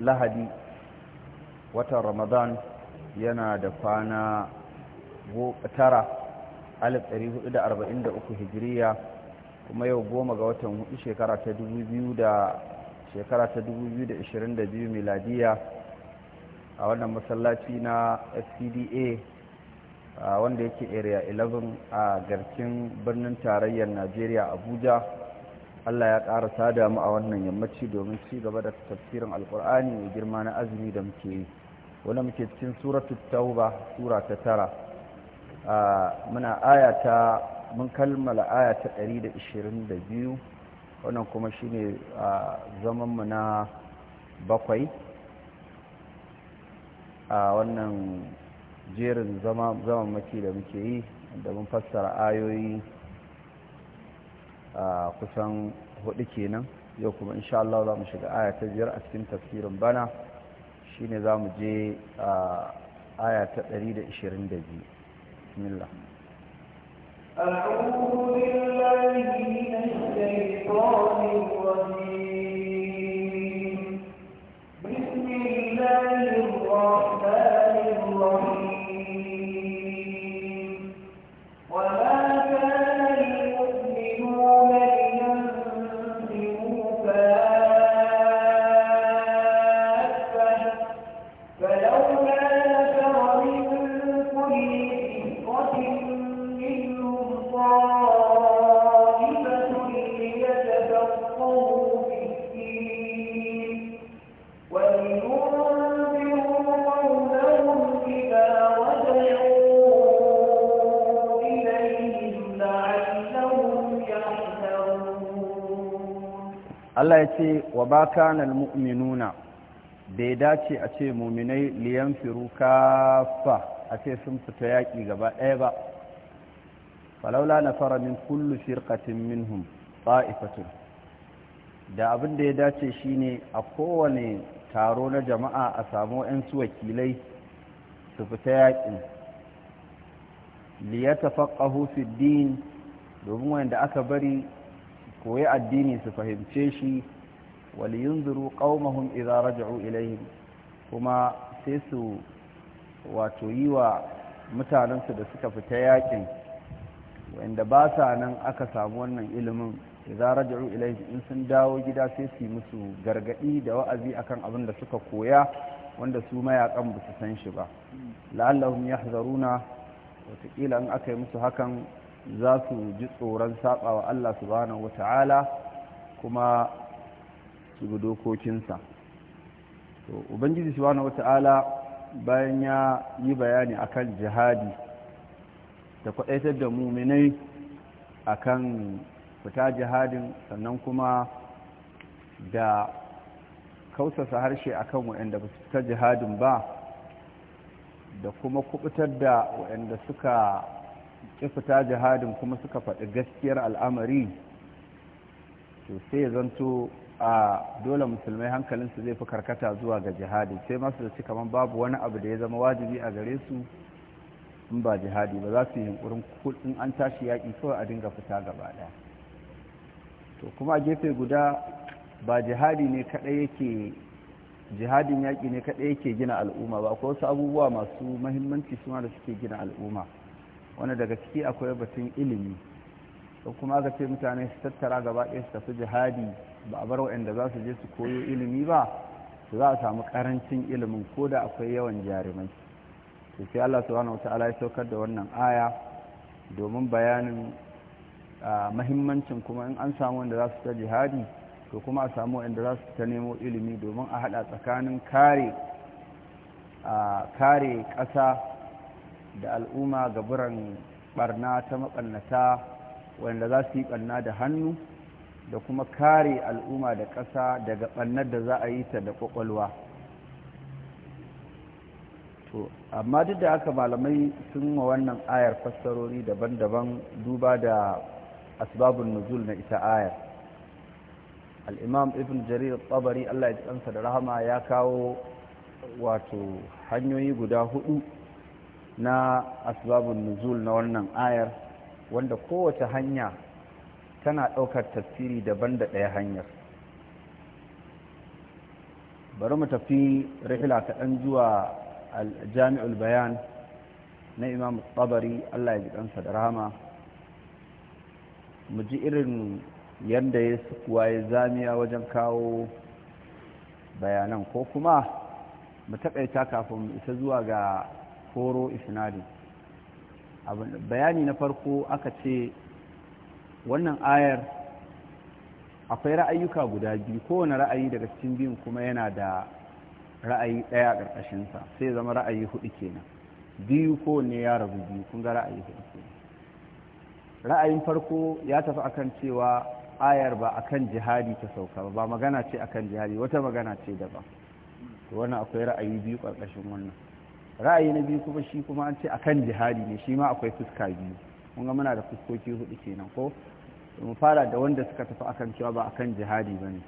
lahadi watan ramadan yana da kwana tara alif uku hijiriya kuma yau goma ga watan hudu shekara ta biyu da shekara ta 2022 miladiya a wannan masallaci na fcda wanda yake area 11 a garkin birnin tarayyar najeriya abuja Allah ya ƙara sada mu a wannan yammaci domin ci gaba da tafsirin alƙur'ani mai girma na azumi da muke yi wanda muke cikin suratu tauba sura ta tara muna ayata mun kalmala aya ta 122 wannan kuma shine zaman mu na bakwai a wannan jerin zama maki da muke yi da mun fassara ayoyi kusan hudu kenan yau kuma insha Allah za mu shiga aya ta biyar a cikin tafsirin bana shine za mu je aya ta 122 bismillah أعوذ بالله من الشيطان الرجيم Allah ya ce wa ba kanal mu'minuna bai dace a ce muminai liyan firu kafa a ce sun fita yaƙi gaba ɗaya ba falaula na fara min kullu firkatin minhum ta'ifatun da abin da ya dace shine a kowane taro na jama'a a samu 'yan wakilai su fita yaƙin liyata faƙahu fi din domin wanda aka bari koyi addini su fahimce shi waliyunzuru ƙaumahun idza raja'u ilayhim kuma sai su wato yi wa mutanensu da suka fita yakin wanda ba sa nan aka samu wannan ilimin izara raja'u ilayhim in sun dawo gida sai su musu gargadi da wa'azi akan abin da suka koya wanda su mayakan ba su san shi ba la'allahum yahzaruna wataƙila in aka yi musu hakan za su ji tsoron saba wa Allah subhanahu wata'ala kuma su bi dokokinsa to ubangiji subhanahu wata'ala bayan ya yi bayani akan jihadi da kwadaitar da muminai akan fita jihadin sannan kuma da kausasa harshe akan waɗanda ba su fita jihadin ba da kuma kubutar da waɗanda suka ki fita jihadin kuma suka faɗi gaskiyar al'amari to sai zanto a dole musulmai hankalinsu zai fi karkata zuwa ga jihadi sai masu da kamar babu wani abu da ya zama wajibi a gare su in ba jihadi ba za su yi hankurin kudin an tashi yaƙi kawai a dinga fita gaba ɗaya to kuma a gefe guda ba jihadi ne kaɗai yake jihadin yaƙi ne kaɗai yake gina al'umma ba akwai wasu abubuwa masu mahimmanci suna da suke gina al'umma wanda daga ciki akwai batun ilimi ko kuma aka ce mutane su tattara gaba ɗaya su tafi jihadi ba a bar wa'anda za su je su koyo ilimi ba su za a samu karancin ilimin ko da akwai yawan jarumai to sai Allah subhanahu wata'ala ya saukar da wannan aya domin bayanin mahimmancin kuma in an samu wanda za su ta jihadi to kuma a samu waɗanda za su ta nemo ilimi domin a haɗa tsakanin kare kare ƙasa da al'umma ga biran barna ta maɓannata wanda za su yi ɓanna da hannu da kuma kare al'umma da ƙasa daga ɓannar da za a yi ta da ƙwaƙwalwa amma duk da haka malamai sun wa wannan ayar fassarori daban-daban duba da asbabun nuzul na ita ayar al'imam ibn jarir tsabari allah ya ji da rahama ya kawo wato hanyoyi guda hudu na asbabun nuzul na wannan ayar wanda kowace hanya tana ɗaukar tafsiri daban da ɗaya hanyar bari mu tafi rihila kaɗan zuwa jami'ul bayan na imam tsabari allah ya ji ɗansa da rahama mu ji irin yadda ya sukuwa ya zamiya wajen kawo bayanan ko kuma mu taƙaita kafin isa zuwa ga koro isnadi bayani na farko aka ce wannan ayar akwai ra'ayuka guda biyu kowane ra'ayi daga cikin biyun kuma yana da ra'ayi ɗaya a ƙarƙashinsa sai zama ra'ayi hudu kenan biyu kowanne ya rabu biyu kun ga ra'ayi hudu kenan ra'ayin farko ya tafi akan cewa ayar ba akan jihadi ta sauka ba magana ce akan jihadi wata magana ce daban to wannan akwai ra'ayi biyu ƙarƙashin wannan ra'ayi na biyu kuma shi kuma an ce akan jihadi ne shi ma akwai fuska biyu kun ga muna da fuskoki hudu kenan ko mu fara da wanda suka tafi akan cewa ba akan jihadi ba ne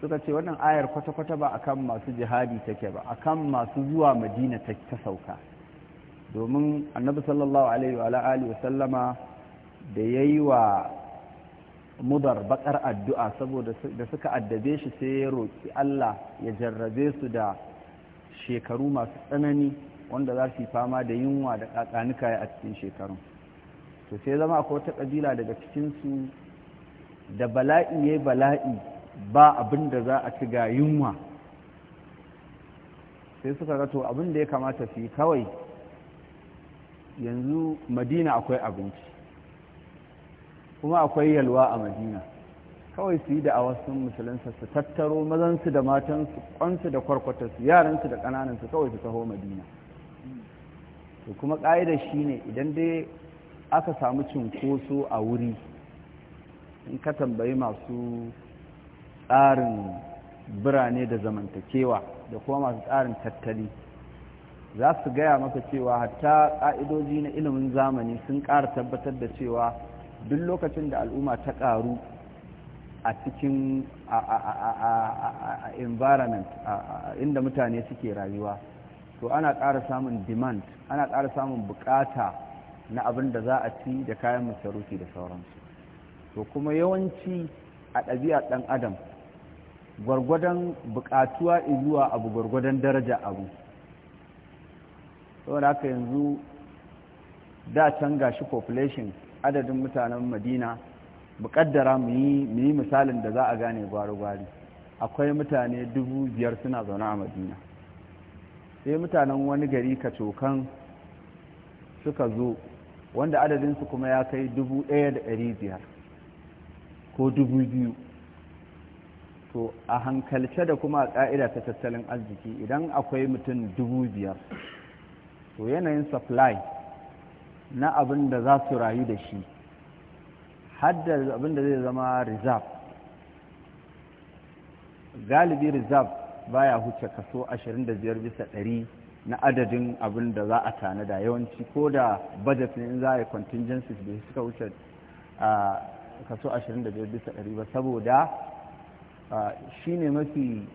suka ce wannan ayar kwata-kwata ba kan masu jihadi take ba akan masu zuwa madina ta sauka domin annabi sallallahu alaihi wa alihi wa sallama da yayi wa mudar bakar addu'a saboda da suka addabe shi sai ya roki Allah ya jarrabe su da shekaru masu tsanani wanda za su yi fama da yunwa da ƙaƙanika a cikin shekarun to sai zama akwai wata ƙabila daga cikinsu da bala'i ya bala'i ba abin da za a ci ga yunwa sai suka ga to abin da ya kamata su yi kawai yanzu madina akwai abinci kuma akwai yalwa a madina kawai su yi da awasun musulunsa su tattaro mazansu da matansu kwansu da kwarkwatarsu yaransu da ƙananansu kawai su taho madina to kuma ƙa'idar shi ne idan dai aka samu cinkoso a wuri in ka tambayi masu tsarin birane da zamantakewa da kuma masu tsarin tattali za su gaya maka cewa hatta ƙa'idoji na ilimin zamani sun ƙara tabbatar da cewa duk lokacin da al'umma ta ƙaru a cikin environment inda mutane suke rayuwa to ana ƙara samun demand ana ƙara samun bukata na abin da za a ci da kayan masarufi da sauransu to kuma yawanci a ɗabi'a ɗan adam gwargwadon buƙatuwa zuwa abu gwargwadon daraja abu saboda haka yanzu da can gashi population adadin mutanen madina muƙaddara mu yi misalin da za a gane gwari-gwari akwai mutane dubu biyar suna zaune a madina sai mutanen wani gari ka cokan suka zo wanda adadinsu kuma ya kai dubu ɗaya da dari biyar ko dubu biyu to a hankalce da kuma a ƙa'ida ta tattalin arziki idan akwai mutum dubu biyar to yanayin supply na abin da za su rayu da shi abin abinda zai zama reserve galibi reserve baya huce kaso 25 bisa 100 na adadin abin da za a da yawanci ko da budget ne in za a yi contingencies da suka huce kaso 25 bisa 100 ba saboda shi ne mafi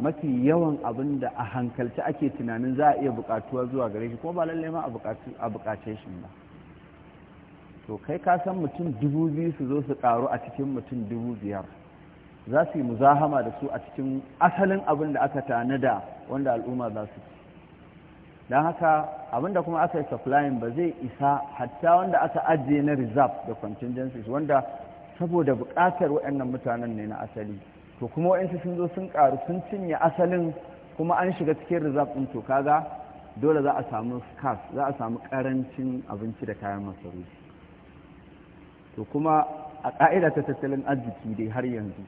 mafi yawan abin da a hankalci ake tunanin za a iya bukatuwa zuwa gare shi ko ba lallai ma a bukace shi ba to kai ka san mutum dubu biyu su zo su karu a cikin mutum dubu biyar za su yi muzahama da su a cikin asalin abin da aka tanada wanda al'umma za su don haka abin da kuma aka yi supplying ba zai isa hatta wanda aka ajiye na reserve da contingencies wanda saboda buƙatar waɗannan mutanen ne na asali to kuma waɗansu sun zo sun karu sun cinye asalin kuma an shiga cikin reserve ɗin to kaga dole za a samu scarce za a samu ƙarancin abinci da kayan masarufi to kuma a ƙa'ida ta tattalin arziki dai har yanzu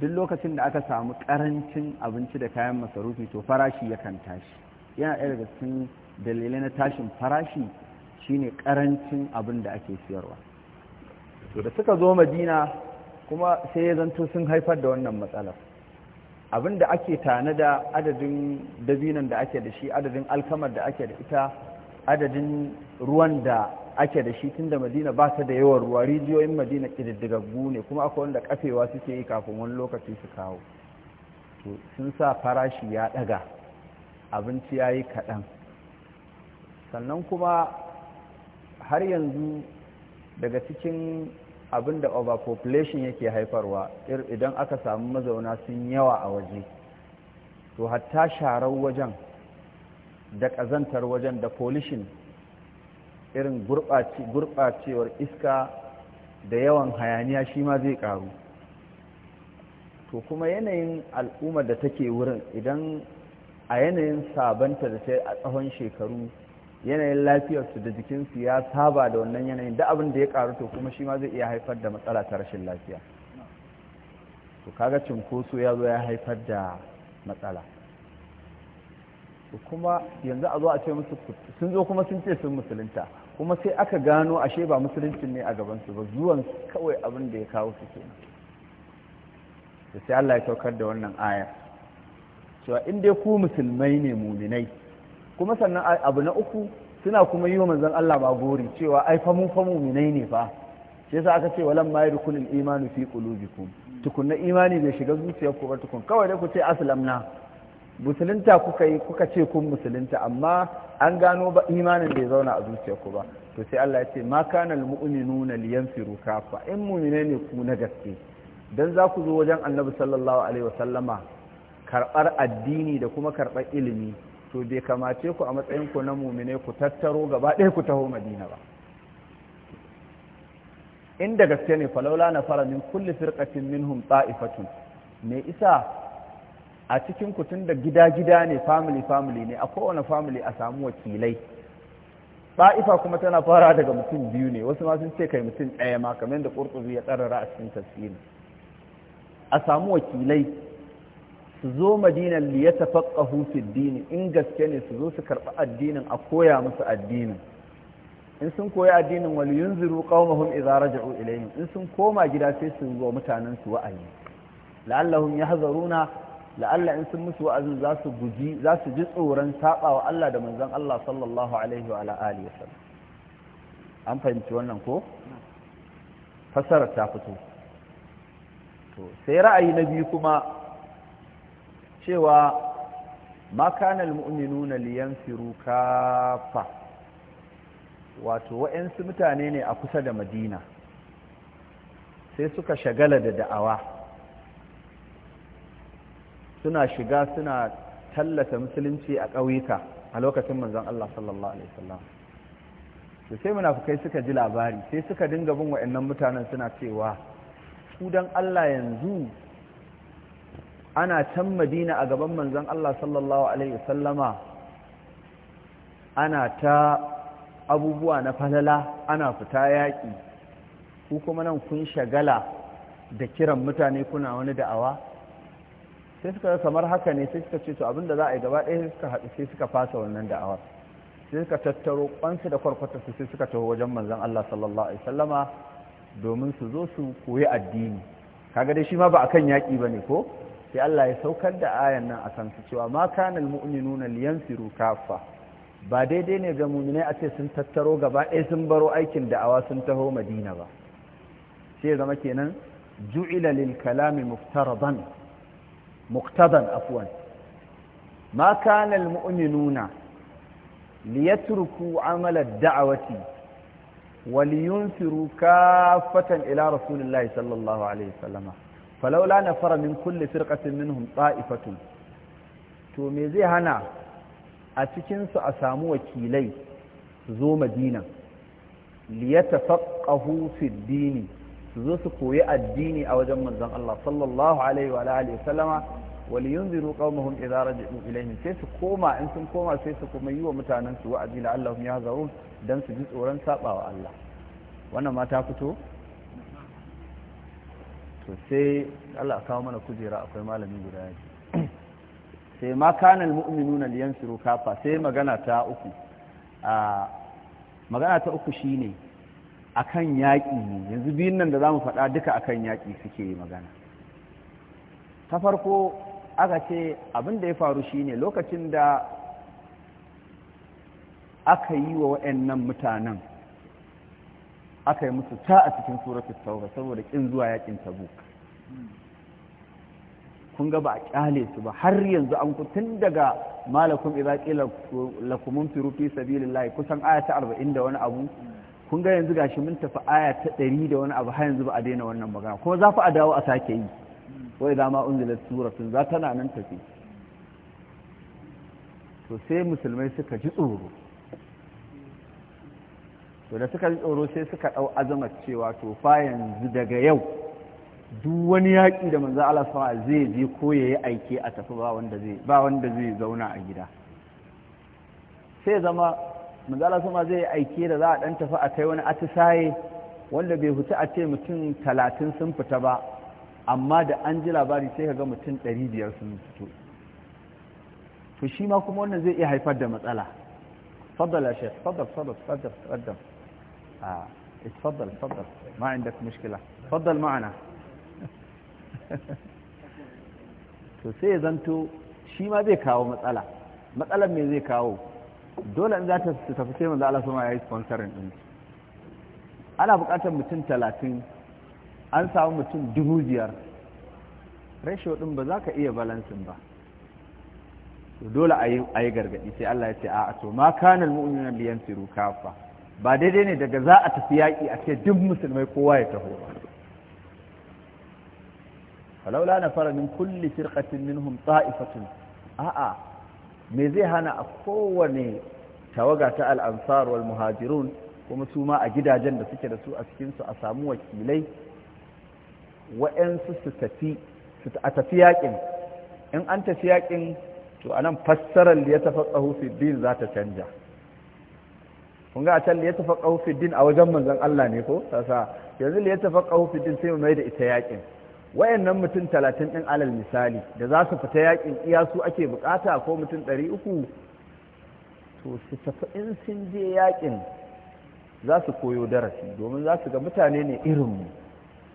duk lokacin da aka samu ƙarancin abinci da kayan masarufi to farashi yakan tashi yana ɗaya daga cikin dalilai na tashin farashi shine ƙarancin abin da ake siyarwa to da suka zo madina kuma sai ya zanto sun haifar da wannan matsalar abin da ake tanada adadin dabinan da ake da shi adadin alkamar da ake da ita adadin ruwan da ake da shi tun da madina ba ta da yawan ruwa rijiyoyin madina ƙididdigaggu ne kuma akwai wanda kafewa suke yi kafin wani lokaci su kawo to sun sa farashi ya ɗaga abinci ya yi kaɗan sannan kuma har yanzu daga cikin abin da overpopulation yake haifarwa idan aka samu mazauna sun yawa a waje to hatta sharar wajen da ƙazantar wajen da polishin irin gurɓacewar iska da yawan hayaniya shi ma zai ƙaru to kuma yanayin al'ummar da take wurin idan a yanayin sabanta da sai a tsawon shekaru yanayin lafiyarsu da jikinsu ya saba da wannan yanayin da abin da ya ƙaru to kuma shi ma zai iya haifar da matsala ta rashin lafiya to kaga cinkoso ya zo ya haifar da matsala kuma yanzu a zo a ce musu sun zo kuma sun ce sun musulunta kuma sai aka gano ashe ba musuluncin ne a gabansu ba zuwan kawai abin da ya kawo su ke da sai Allah ya saukar da wannan ayar cewa in dai ku musulmai ne muminai kuma sannan abu na uku suna kuma yi wa manzon Allah ba gori cewa ai fa mu fa muminai ne fa Sai sa aka ce walan ma yadkhulul imanu fi qulubikum tukunna imani bai shiga zuciyarku ba tukun kawai dai ku ce aslamna musulunta kuka yi kuka ce kun musulunta amma an gano ba imanin bai zauna a ku ba to sai Allah ya ce ma kana almu'minuna liyanfiru kafa in mu'mine ne ku na gaske dan za ku zo wajen Annabi sallallahu alaihi wasallama karbar addini da kuma karbar ilimi to bai kamace ku a matsayin ku na mu'mine ku tattaro gaba ɗaya ku taho Madina ba in da gaske ne falaula na fara min kulli firqatin minhum ta'ifatun me isa a cikin kutun da gida-gida ne family-family ne a kowane family a samu wakilai Ba'ifa kuma tana fara daga mutum biyu ne wasu ma sun ce kai mutum ɗaya ma kamar da ƙurƙuri ya tsara a cikin tasiri. a samu wakilai su zo madinan liya faƙa fi dini in gaske ne su zo su karɓi addinin a koya musu addinin in sun koyi addinin wani wal yunziru qaumahum idza raja'u ilayin in sun koma gida sai su zo mutanen su wa'ayi ya yahzaruna la'alla in sun musu wa'azi za su guji za su ji tsoron saba wa Allah da manzon Allah sallallahu alaihi wa alihi wasallam an fahimci wannan ko fasara ta fito to sai ra'ayi na biyu kuma cewa ma kana almu'minuna liyansiru kafa wato wa'ansu mutane ne a kusa da Madina sai suka shagala da da'awa suna shiga suna tallata musulunci a ƙauyuka a lokacin manzon Allah sallallahu alaihi wasallam da sai munafukai suka ji labari sai suka dinga bin wa'annan mutanen suna cewa ku dan Allah yanzu ana can Madina a gaban manzon Allah sallallahu alaihi wasallama ana ta abubuwa na falala ana fita yaƙi ku kuma nan kun shagala da kiran mutane kuna wani da'awa sai suka kamar haka ne sai suka ce to abinda za a yi gaba ɗaya suka haɗu sai suka fasa wannan da'awa sai suka tattaro kwansu da kwarkwata su sai suka taho wajen manzon Allah sallallahu alaihi wasallama domin su zo su koyi addini kaga dai shi ma ba akan yaƙi ne ko sai Allah ya saukar da ayan nan a kansu cewa ma kana almu'minuna liyansiru kaffa ba daidai ne ga mu'minai a ce sun tattaro gaba ɗaya sun baro aikin da'awa sun taho Madina ba sai zama kenan ju'ila lil kalami muftaradan مقتضى عفوا ما كان المؤمنون ليتركوا عمل الدعوة ولينفروا كافة إلى رسول الله صلى الله عليه وسلم فلولا نفر من كل فرقة منهم طائفة توميزي هنا أتكنس أسامو وكيلي زو مدينة ليتفقهوا في الدين su zo su koyi addini a wajen manzon Allah sallallahu alaihi wa alihi wa sallama wa liyunziru qaumahum idza raji'u ilayhim sai su koma in sun koma sai su kuma yi wa mutanen su wa'azi la allahum su ji tsoron sabawa Allah wannan ma ta fito to sai Allah kawo mana kujera akwai malami guda yake sai ma kana almu'minuna liyansiru kafa sai magana ta uku ah, shine akan yaƙi yanzu biyun nan da za mu faɗa duka akan yaƙi suke yi magana ta farko aka ce abin da ya faru shine lokacin da aka yi wa waɗannan mutanen aka yi musu ta a cikin surafi tauba saboda ƙin zuwa yaƙin tabuk kun ga ba a ƙyale su ba har yanzu an ku tun daga malakun idza lakumun firufi firu fi kusan aya ta arba'in da wani abu kun ga yanzu gashi mun tafi aya ta ɗari da wani abu har yanzu ba a daina wannan magana kuma za fa a dawo a sake yi wai za ma unzilat suratun za tana nan tafi to sai musulmai suka ji tsoro to da suka ji tsoro sai suka ɗau azamar cewa to fa yanzu daga yau duk wani yaƙi da manzo Allah sama zai je ko yayi aiki a tafi ba wanda zai ba wanda zai zauna a gida sai zama manzala sama zai aike da za a ɗan tafi a kai wani atisaye wanda bai huta a ce mutum talatin sun fita ba amma da an ji labari sai ga mutum ɗari biyar sun fito to shi ma kuma wannan zai iya haifar da matsala ya shek faddal faddal faddal faddal a ah, eh, faddal faddal ma inda mushkila faddal ma'ana to sai ya zanto shi ma zai kawo matsala matsalar me zai kawo dole in za ta tafi sai manzo Allah sama yayi sponsoring din ana buƙatar mutum talatin an samu mutum dubu biyar ratio din ba za ka iya balansin ba dole a yi gargaɗi sai Allah ya ce a to ma kana almu'minuna liyanfiru kafa ba daidai ne daga za a tafi yaƙi a ce duk musulmai kowa ya taho ba. falaula na fara min kulli firqatin minhum ta'ifatun a'a me zai hana a kowane tawaga ta al'ansar wal muhajirun kuma su ma a gidajen da suke da su a cikinsu a samu wakilai wa'yansu su tafi a tafi yaƙin in an tafi yaƙin to anan fassarar da ya tafi ƙahufin din za ta canja kun ga a can da ya tafi ƙahufin din a wajen manzan Allah ne ko sasa yanzu da ya tafi ƙahufin din sai mu mai da ita yaƙin wayannan mutum talatin ɗin alal misali da za su fita yakin iyasu ake bukata ko mutum ɗari uku to su tafi in sun je yaƙin za su koyo darasi domin za su ga mutane ne irinmu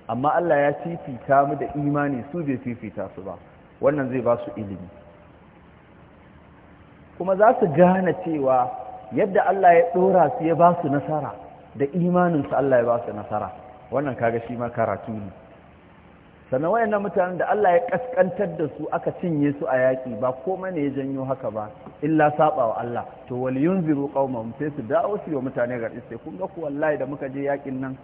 amma Allah ya fifita mu da imani su bai fifita su ba wannan zai ba su ilimi kuma za su gane cewa yadda Allah ya ɗora su ya ba su nasara da imaninsu Allah ya ba su nasara wannan kaga shi ma karatu ne sannan wayannan mutanen da Allah ya kaskantar da su aka cinye su a yaƙi ba komai ne ya janyo haka ba illa saba wa Allah to wal yunziru qauman sai su dawo su yi mutane garɗi sai kun ga ku wallahi da muka je yaƙin nan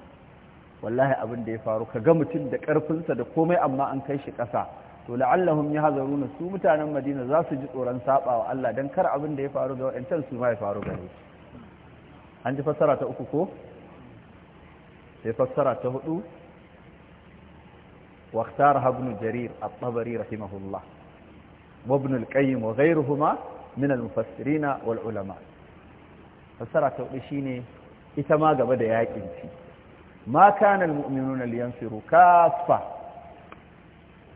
wallahi abin da ya faru ka ga mutum da ƙarfinsa da komai amma an kai shi ƙasa to la'allahum yahzaruna su mutanen Madina za su ji tsoron saba wa Allah dan kar abin da ya faru ga wayancan su ma ya faru gare an ji fassara ta uku ko sai fassara ta hudu واختارها ابن جرير الطبري رحمه الله وابن القيم وغيرهما من المفسرين والعلماء fassara ta hudu shine ita ma gaba da yakin ci ma kana almu'minuna liyanfiru kaffa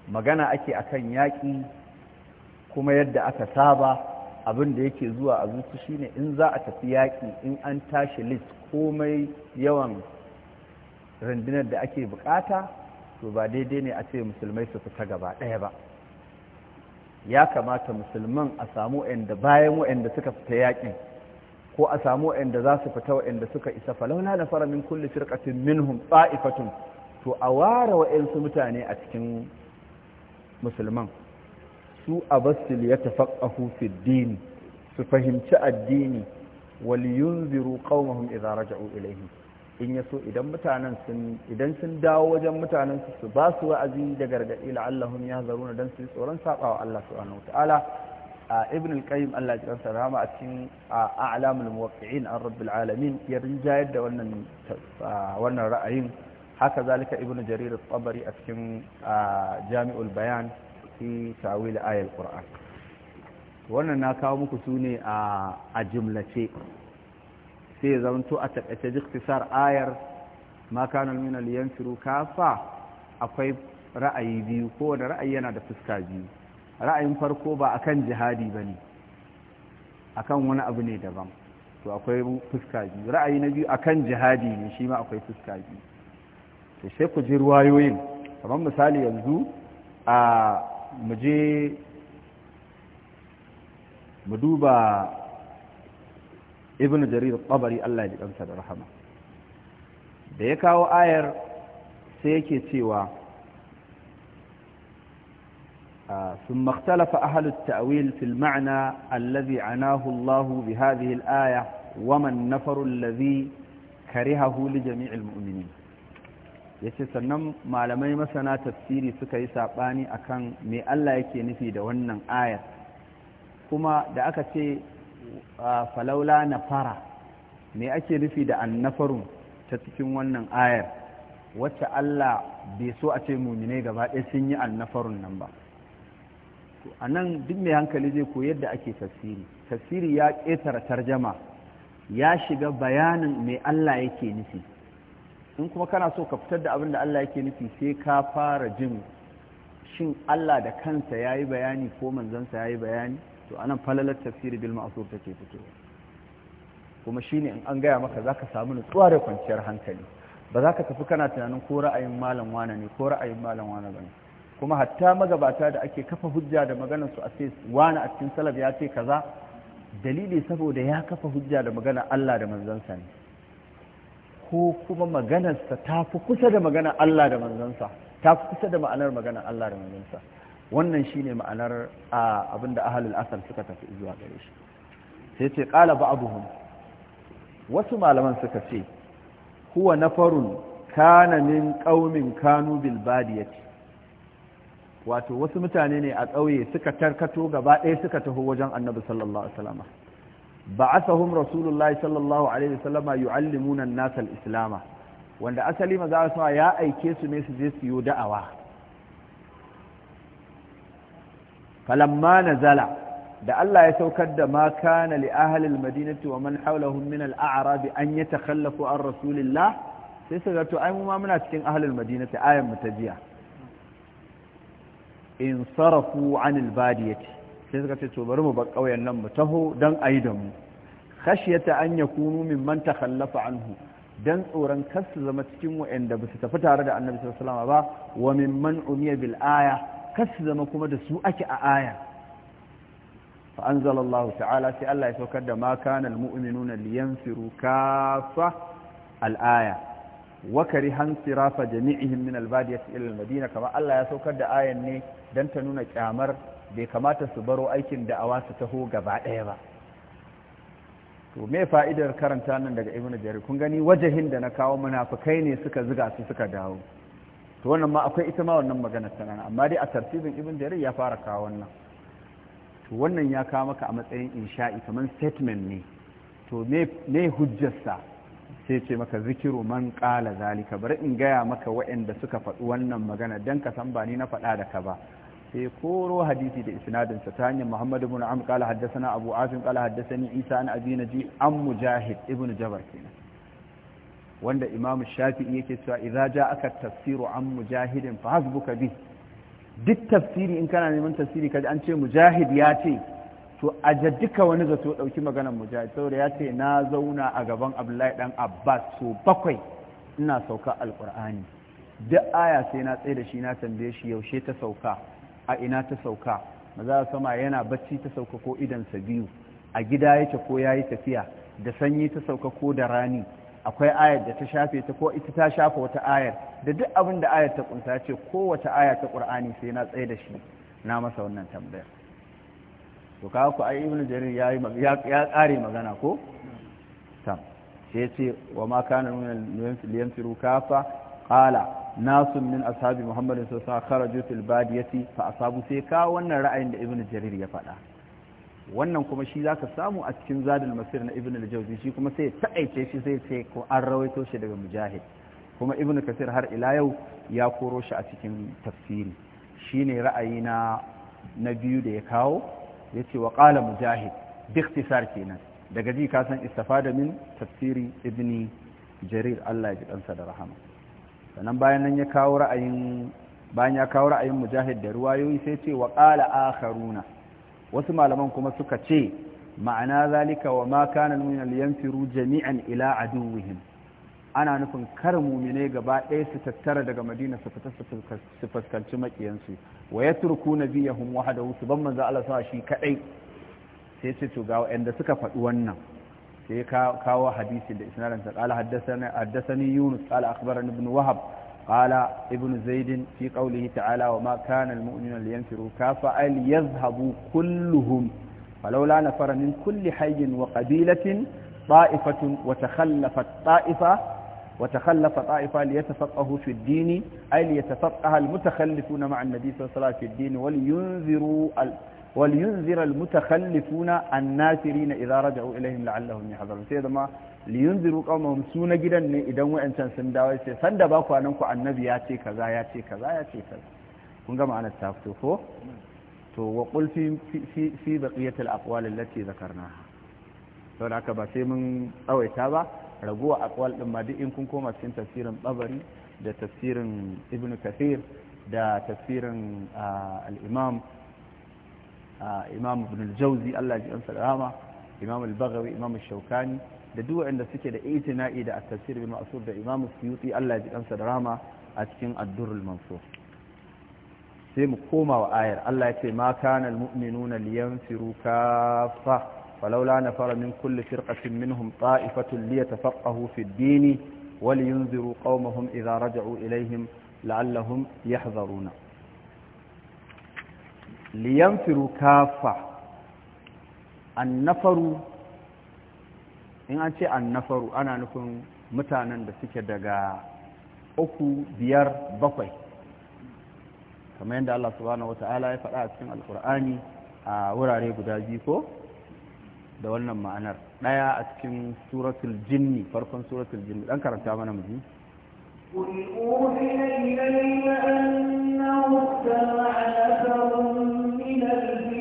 magana ake akan yaki kuma yadda aka saba abin da yake zuwa a zuci shine in za a tafi yaki in an tashi list komai yawan rundunar da ake bukata to ba daidai ne a ce musulmai su fita gaba ɗaya ba ya kamata musulman a samu wa'anda bayan wa'anda suka fita yakin ko a samu wa'anda za su fita wa'anda suka isa falaula na fara min kulli firqatin minhum ta'ifatun to a ware wa'ansu mutane a cikin musulman su abassil ya tafaqahu fi din su fahimci addini wal yunziru qaumahum idza raja'u ilayhim in ya so idan mutanen sun idan sun dawo wajen mutanen su su ba su wa'azi da gargaɗi la'allahum ya zaruna don su yi tsoron wa Allah subhanahu ta'ala a ibn al-qayyim Allah ya kansa rahama a cikin a'lamul muwaqqi'in an rabbil alamin ya rinjayar da wannan wannan ra'ayin haka zalika ibn jarir at-tabari a cikin jami'ul bayan fi tawil ayatul qur'an wannan na kawo muku sune a jumlace sai ya zamanto a taƙaice jiktisar ayar makanar min aliyanfiru kafa akwai ra'ayi biyu kowane ra'ayi yana da fuska biyu ra'ayin farko ba akan jihadi ba ne akan wani abu ne daban to akwai fuska biyu ra'ayi na biyu akan jihadi ne shi ma akwai fuska biyu to sai ku ji ruwayoyin kamar misali yanzu a muje mu duba ibn jarir tabari Allah ya kansa da rahama da ya kawo ayar sai yake cewa ثم اختلف أهل التأويل في المعنى الذي عناه الله بهذه الآية وما النفر الذي كرهه jami'il المؤمنين yace sannan malamai masana tafsiri suka yi saɓani akan me Allah yake nufi da wannan ayar kuma da aka ce falaula na fara me ake nufi da annafarun ta cikin wannan ayar wacce Allah bai so a ce mumine gaba ɗaya sun yi annafarun nan ba a nan duk mai hankali zai koyi yadda ake tafsiri tafsiri ya ƙetare tarjama ya shiga bayanin mai Allah yake nufi in kuma kana so ka fitar da abin da Allah yake nufi sai ka fara jin shin Allah da kansa ya yi bayani ko manzansa ya yi bayani to anan falalar tafsiri bil ma'sur take fito. kuma shine in an gaya maka zaka samu nutsuwa da kwanciyar hankali ba za ka tafi kana tunanin ko ra'ayin malam wane ne ko ra'ayin malam wane bane kuma hatta magabata da ake kafa hujja da maganar su a ce wani a cikin salaf ya ce kaza dalili saboda ya kafa hujja da magana Allah da sa ne ko kuma maganarsa ta fi kusa da magana Allah da manzansa ta fi kusa da ma'anar magana Allah da sa wannan shine ma'anar abinda ahlul asar suka tafi zuwa gare shi sai ce qala ba'dhum wasu malaman suka ce huwa nafarun farun min ƙaumin kanu badiyati wato wasu mutane ne a ƙauye suka tarkato gaba ɗaya suka taho wajen annabi sallallahu alaihi wasallam ba'athahum rasulullahi sallallahu alaihi wasallam yi an-nasa islama wanda asali maza ya aike su ne su je su yi da'awa falamma nazala da Allah ya saukar da ma kana li ahli almadinati wa man hawlahum min al-a'rab an yatakhallafu an rasulillah sai su to ai mu ma muna cikin ahli almadinati ayan mu in sarafu an albadiyati sai suka to bari mu bar kauyen nan mu taho dan ayi da mu khashyata an yakunu mimman takhallafa anhu dan tsoron kar zama cikin wa'anda ba su tafi tare da annabi sallallahu alaihi wasallam ba wa mimman umiya bil aya kasu zama kuma da su ake a aya fa'anzal Allah ta'ala sai Allah ya saukar da makan al'u'minuna liyansiru kafa al'aya wakari hansira fa jami'ihim min albadiyati ila almadina kamar Allah ya saukar da ayan ne dan ta nuna kyamar bai kamata su baro aikin a su taho gaba ɗaya ba to me fa'idar karanta nan daga ibnu jarir kun gani wajahin da na kawo munafukai ne suka ziga su suka dawo to wannan ma akwai ita ma wannan magana sanan amma dai a tartibin ibn jarir ya fara kawo wannan to wannan ya kawo maka a matsayin insha'i kaman statement ne to me hujjarsa sai ce maka zikiru man qala zalika bari in gaya maka waɗanda suka faɗi wannan magana Dan ka san ba ni na faɗa da ka ba sai koro hadisi da sa ta hanyar muhammad ibn amr ƙala haddasa abu azim ƙala haddathani isa an abi naji an mujahid ibn jabar kenan wanda imam shafi'i yake cewa idza ja'aka tafsiru an mujahidin fa hasbuka bi duk tafsiri in kana neman tafsiri kaji an ce mujahid ya ce to aje duka wani zato dauki maganar mujahid saboda ya ce na zauna a gaban abdullahi dan abbas so bakwai ina sauka alqur'ani duk aya sai na tsaye da shi na tambaye shi yaushe ta sauka a ina ta sauka maza sama yana bacci ta sauka ko idan sa biyu a gida yake ko yayi tafiya da sanyi ta sauka ko da rani akwai ayar da ta shafe ta ko ita ta shafa wata ayar da duk abin da ayar ta kunsa ce kowace aya ta qur'ani sai na tsaye da shi na masa wannan tambayar to kawo ku ai ibnu jarir ya ya kare magana ko tam sai ce wa ma kana min liyanfiru kafa qala nasu min ashabi muhammadin sallallahu alaihi wasallam kharaju fil badiyati fa asabu sai ka wannan ra'ayin da ibnu jarir ya faɗa wannan kuma shi zaka samu a cikin zadul masir na ibn al-jawzi shi kuma sai taƙaice shi sai ce ko an rawaito shi daga mujahid kuma ibn kasir har ila yau ya koro shi a cikin tafsiri shine ra'ayi na na biyu da ya kawo yace wa qala mujahid bi ikhtisar kenan daga ji ka san istifada min tafsiri ibn jarir Allah ya ji sa da rahama sannan bayan nan ya kawo ra'ayin bayan ya kawo ra'ayin mujahid da ruwayoyi sai ce wa qala akharuna wasu malaman kuma suka ce ma'ana zalika wa ma kana al-mu'minu firu jami'an ila aduwwihim ana nufin kar mumine gaba ɗaya su tattara daga madina su fita su fuskanci makiyansu wa ya turku na biya hun wahada su ban manzo Allah sa shi kaɗai sai ce to ga wa'anda suka faɗi wannan sai kawo hadisi da isnadin sa haddasa haddathani yunus qala akhbarani ibn wahab قال ابن زيد في قوله تعالى وما كان المؤمنون لينفروا كافة ليذهبوا كلهم فلولا نفر من كل حي وقبيلة طائفة وتخلفت طائفة وتخلف طائفة ليتفقهوا في الدين أي ليتفقه المتخلفون مع النبي صلى الله عليه وسلم في الدين ولينذروا ولينذر المتخلفون الناثرين إذا رجعوا إليهم لعلهم يحذرون سيدما liyunziru qaumahum su na gidan ne idan wayancan sun dawo sai sanda ba kwanan ku annabi ya ce kaza ya ce kaza ya ce kaza kun ga ma'anar ta fito ko to wa qul fi fi fi baqiyat aqwal allati da aka ba sai mun tsawaita ba raguwa aqwal din ma duk in kun koma cikin tafsirin babari da tafsirin ibnu kathir da tafsirin al-imam imam ibn al-jawzi Allah ya ji ansa rahama imam al-baghawi imam al-shawkani da duk wanda suke da itina'i da at-tafsir bil ma'sur da imamu Suyuti Allah ya ji kansa da rama a cikin ad-durrul mansur sai mu koma wa ayar Allah ya ce ma kana al-mu'minuna liyanfiru kaffa falawla nafara min kulli firqatin minhum ta'ifatun liyatafaqahu fi ad-din wa liyunziru qaumahum idha raja'u ilayhim la'allahum yahdharuna liyanfiru kaffa an-nafaru in an ce an annafaru ana nufin mutanen da suke daga uku biyar bakwai kamar yadda Allah subhanahu wa ta'ala ya faɗa a cikin alkur'ani a wurare guda biyu ko da wannan ma'anar ɗaya a cikin suratul jinni farkon suratul jinni ɗan karanta mana muji قل أوحي إلي أنه استمع نفر من الجن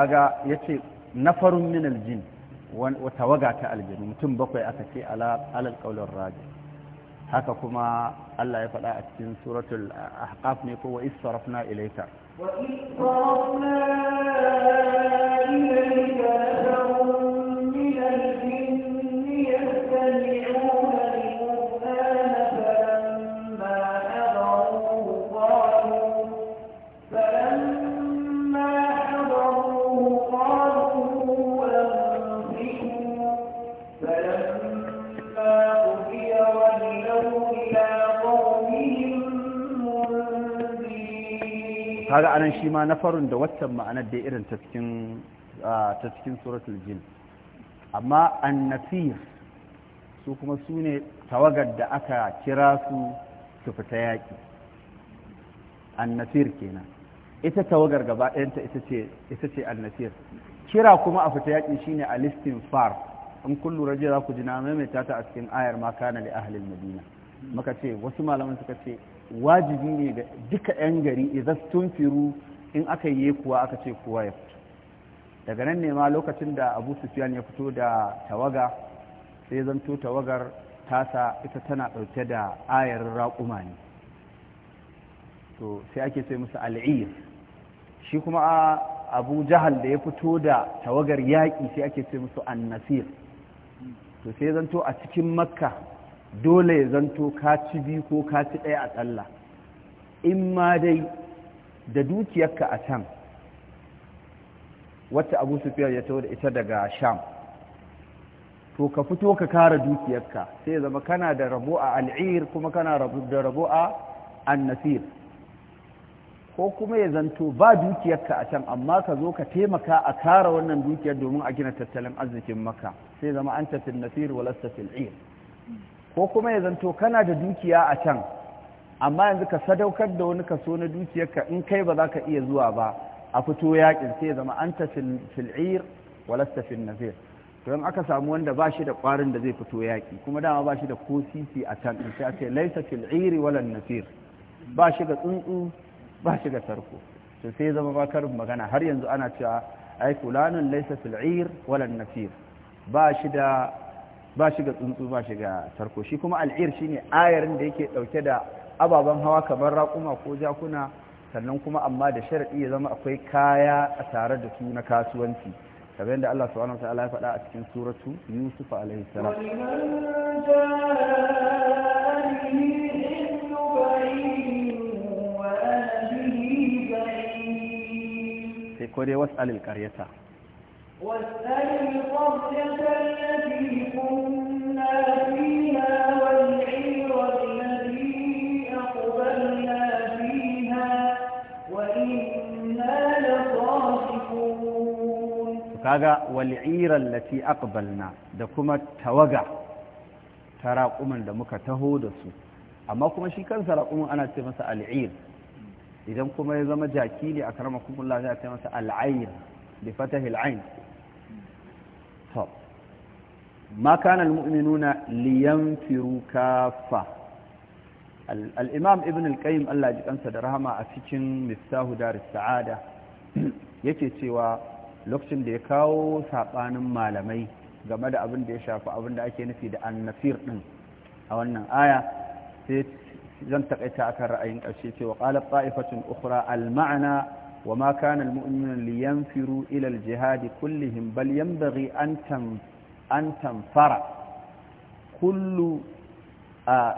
kaga yace nafarun min aljin wa tawaga ta aljin mutum bakwai aka ce alal qaulir raji haka kuma Allah ya faɗa a cikin suratul ahqaf ne ko wa israfna ilayka wa israfna kaga anan shi ma da waccan ma'anar da irin ta cikin ta cikin suratul jin amma annafir su kuma su tawagar da aka kira su su fita yaƙi annafir kenan ita tawagar gaba ɗayanta ita ce annafir kira kuma a fita yaƙi shine alistin far in kun lura jiya za ku ji na maimaita ta a cikin ayar ma kana li ahlil madina muka ce wasu malaman suka ce wajibi ne da duka 'yan gari idan tun firu in aka yi kuwa aka ce kowa ya fito daga nan ne ma lokacin da abu sufiyan ya fito da tawaga sai zanto tawagar tasa ita tana ɗauke da ayar raƙuma ne to sai ake sai musu al'ir shi kuma abu jahal da ya fito da tawagar yaƙi sai ake sai musu annasir to sai zanto a cikin makka dole ya zanto ka ci biyu ko ka ci ɗaya a tsalla in ma dai da dukiyarka a can wata abu sufiyar ya tawo da ita daga sham to ka fito ka kara dukiyarka sai zama kana da rabo a al'ir kuma kana da rabo a annasir ko kuma ya zanto ba dukiyarka a can amma ka zo ka taimaka a kara wannan dukiyar domin a gina tattalin arzikin maka sai zama an tafi nasir walasta fil'ir ko kuma ya zanto kana da dukiya a can amma yanzu ka sadaukar da wani kaso na dukiyarka in kai ba za ka iya zuwa ba a fito yakin sai zama an ta fil'ir walasta fil nazir to in aka samu wanda ba shi da kwarin da zai fito yaki kuma dama ba shi da ko sisi a can in sai a ce laisa fil'iri walan nazir ba shi ga tsuntsu ba shi ga sarko to sai zama ba karin magana har yanzu ana cewa ai fulanin laisa fil'ir walan nazir ba shi da ba shi ga tsuntsu ba shi ga tarko shi kuma al'ir shine ayarin da yake dauke da ababen hawa kamar raƙuma ko jakuna sannan kuma amma da sharadi ya zama akwai kaya a tare da su na kasuwanci kamar yadda Allah subhanahu ta'ala ya faɗa a cikin suratu Yusuf alaihi salam sai ko dai wasu alil واسأل القرية التي كنا فيها والعير الذي أقبلنا فيها وإنا لصادقون kaga wal'ira allati aqbalna da kuma tawaga ta raƙuman da muka taho da su amma kuma shi kansa raƙumin ana ce masa al'ir idan kuma ya zama jaki ne a karamakumullah za a ce masa al'ayir bi fatahil ain to ma kana almu'minuna al-imam ibn al-qayyim Allah ji kansa da rahama a cikin miftahu daris sa'ada yake cewa lokacin da ya kawo saɓanin malamai game da abin da ya shafi abin da ake nufi da annafir din a wannan aya sai zan takaita akan ra'ayin ƙarshe cewa qalat ta'ifatun ukhra al-ma'na وما كان المؤمن لينفروا إلى الجهاد كلهم بل ينبغي أن أن تنفر كل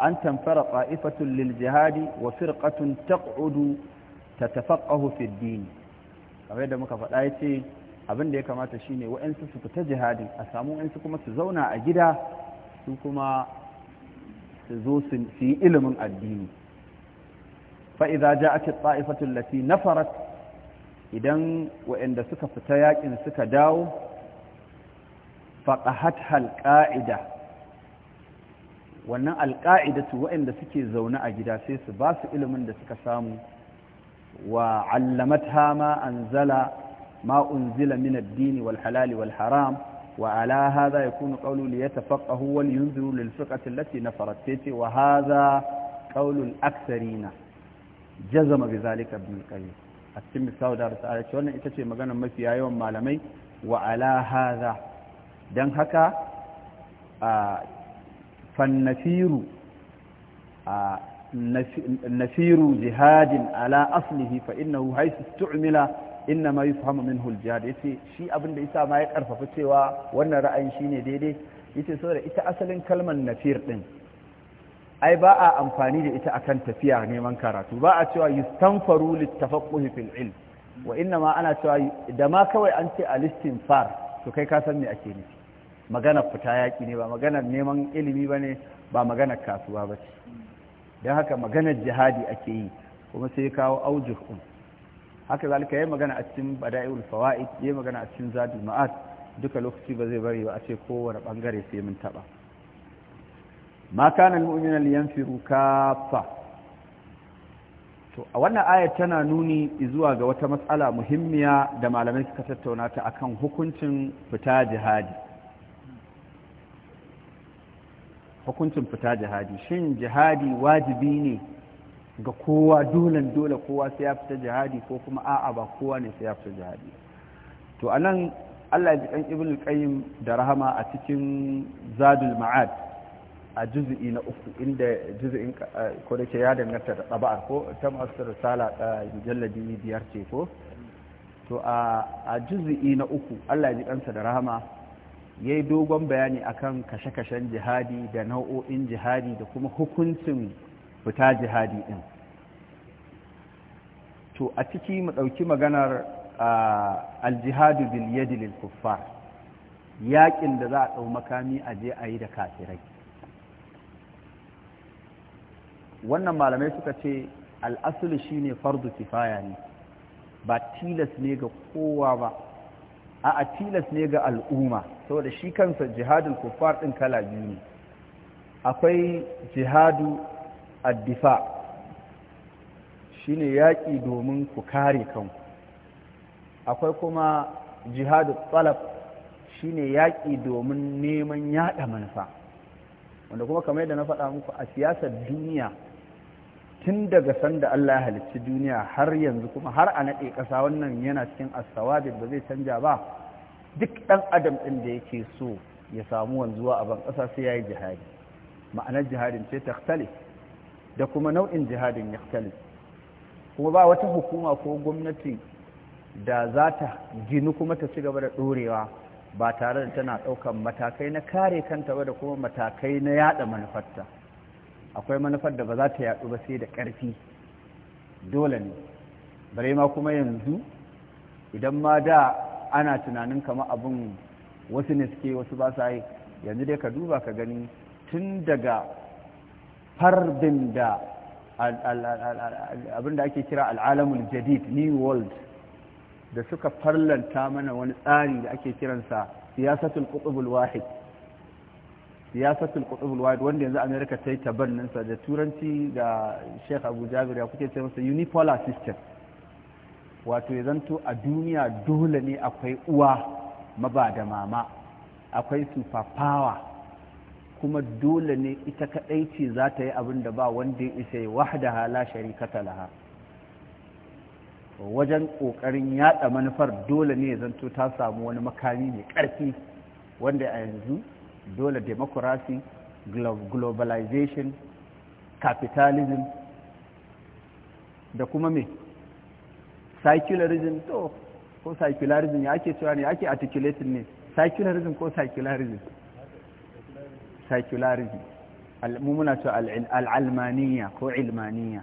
أن تنفر طائفة للجهاد وفرقة تقعد تتفقه في الدين kamar yadda muka faɗa ya ce abin da ya kamata shine wa'ansu su fita jihadin a samu wa'ansu kuma su zauna a gida su kuma su zo su yi ilimin addini fa'iza ja'at at-ta'ifatu allati nafarat idan waɗanda suka fita yakin suka dawo faƙahat halƙa'ida wannan alƙa'idatu waɗanda suke zaune a gida sai su ba su ilimin da suka samu wa allamata ma anzala ma unzila min addini wal halali wal haram wa ala hadha yakunu qawlu li yatafaqahu wal yunziru lil fiqati allati nafarat tati wa hadha qawlu al aktharina jazama bi zalika ibn al qayyim a cikin misawar da rasu wannan ita ce maganar mafi yawan malamai wa ala haza don haka a fannafiru a nafiru jihadin ala aslihi fa innahu haisu tu'mila inna ma fahimu minhu al-jihad yace shi abinda yasa ma ya karfafa cewa wannan ra'ayin shi ne daidai yace saboda ita asalin kalmar nafir din ai ba a amfani da ita akan tafiya neman karatu ba a cewa yustanfaru littafaqquhi fil ilm wa inna ma ana cewa da ma kawai an ce alistinfar to kai ka san me ake nufi maganar fita yaki ne ba maganar neman ilimi bane ba maganar kasuwa ba ce dan haka maganar jihadi ake yi kuma sai kawo aujuhun. haka zalika yayi magana a cikin bada'iul fawaid yayi magana a cikin zadul ma'ad duka lokaci ba zai bari ba a ce kowane bangare sai mun taba ma kana almu'mina liyanfiru kaffa to a wannan aya tana nuni zuwa ga wata matsala muhimmiya da malamai suka tattauna ta akan hukuncin fita jihadi hukuncin fita jihadi shin jihadi wajibi ne ga kowa dole dole kowa sai ya fita jihadi ko kuma a'a ba kowa ne sai ya fita jihadi to anan Allah ya ji kan ibn al-qayyim da rahama a cikin zadul ma'ad a juzu'i na uku inda juzu'in eh, ko da ke ya danganta da ko ta masu risala a eh, mujalladi biyar ce ko to a juzu'i na uku allah ya ji ɗansa da rahama ya yi dogon bayani akan kashe-kashen jihadi da nau'o'in jihadi da kuma hukuncin fita jihadi ɗin to a ciki mu ɗauki maganar eh, aljihadu bil yadi lil kuffar yaƙin da za a ɗau makami a je a yi da kafirai wannan malamai suka ce al'asulu shi ne fardu kifaya ne ba tilas ne ga kowa ba a a tilas ne ga al'umma saboda shi kansa jihadin kufar ɗin kala biyu ne akwai jihadu addifa shi ne yaƙi domin ku kare kanku akwai kuma jihadu tsalab shi ne yaƙi domin neman yaɗa manufa wanda kuma kamar yadda na faɗa muku a siyasar duniya tun daga sanda Allah ya halicci duniya har yanzu kuma har a naɗe ƙasa wannan yana cikin asawabin ba zai canja ba duk ɗan adam ɗin da yake so ya samu wanzuwa a ban ƙasa sai ya yi jihadi ma'anar jihadin ce taktali da kuma nau'in jihadin yaktali kuma ba wata hukuma ko gwamnati da za ta ginu kuma ta ci gaba da ɗorewa ba tare da tana ɗaukan matakai na kare kanta ba da kuma matakai na yaɗa manufarta akwai manufar da ba za ta yaɗu ba sai da ƙarfi dole ne bare ma kuma yanzu idan ma da ana tunanin kama abin wasu ne suke wasu ba sa yi yanzu dai ka duba ka gani tun daga fardin da abin da ake kira al'alamun jadid new world da suka farlanta mana wani tsari da ake kiransa siyasatul qutbul wahid siyasatul qutbul wahid wanda yanzu America ta yi tabannin sa da turanci da Sheikh Abu Jabir ya kuke ce masa unipolar system wato ya zanto a duniya dole ne akwai uwa maba da mama akwai super power kuma dole ne ita kadai ce za ta yi abin da ba wanda ya isa yi wahdaha la sharikata laha wajen ƙoƙarin yada manufar dole ne ya zanto ta samu wani makami mai ƙarfi wanda a yanzu dole democracy globalization capitalism da kuma me secularism to ko secularism ya ake cewa ne ake articulating ne secularism ko secularism secularism muna cewa al'almaniya ko ilmaniya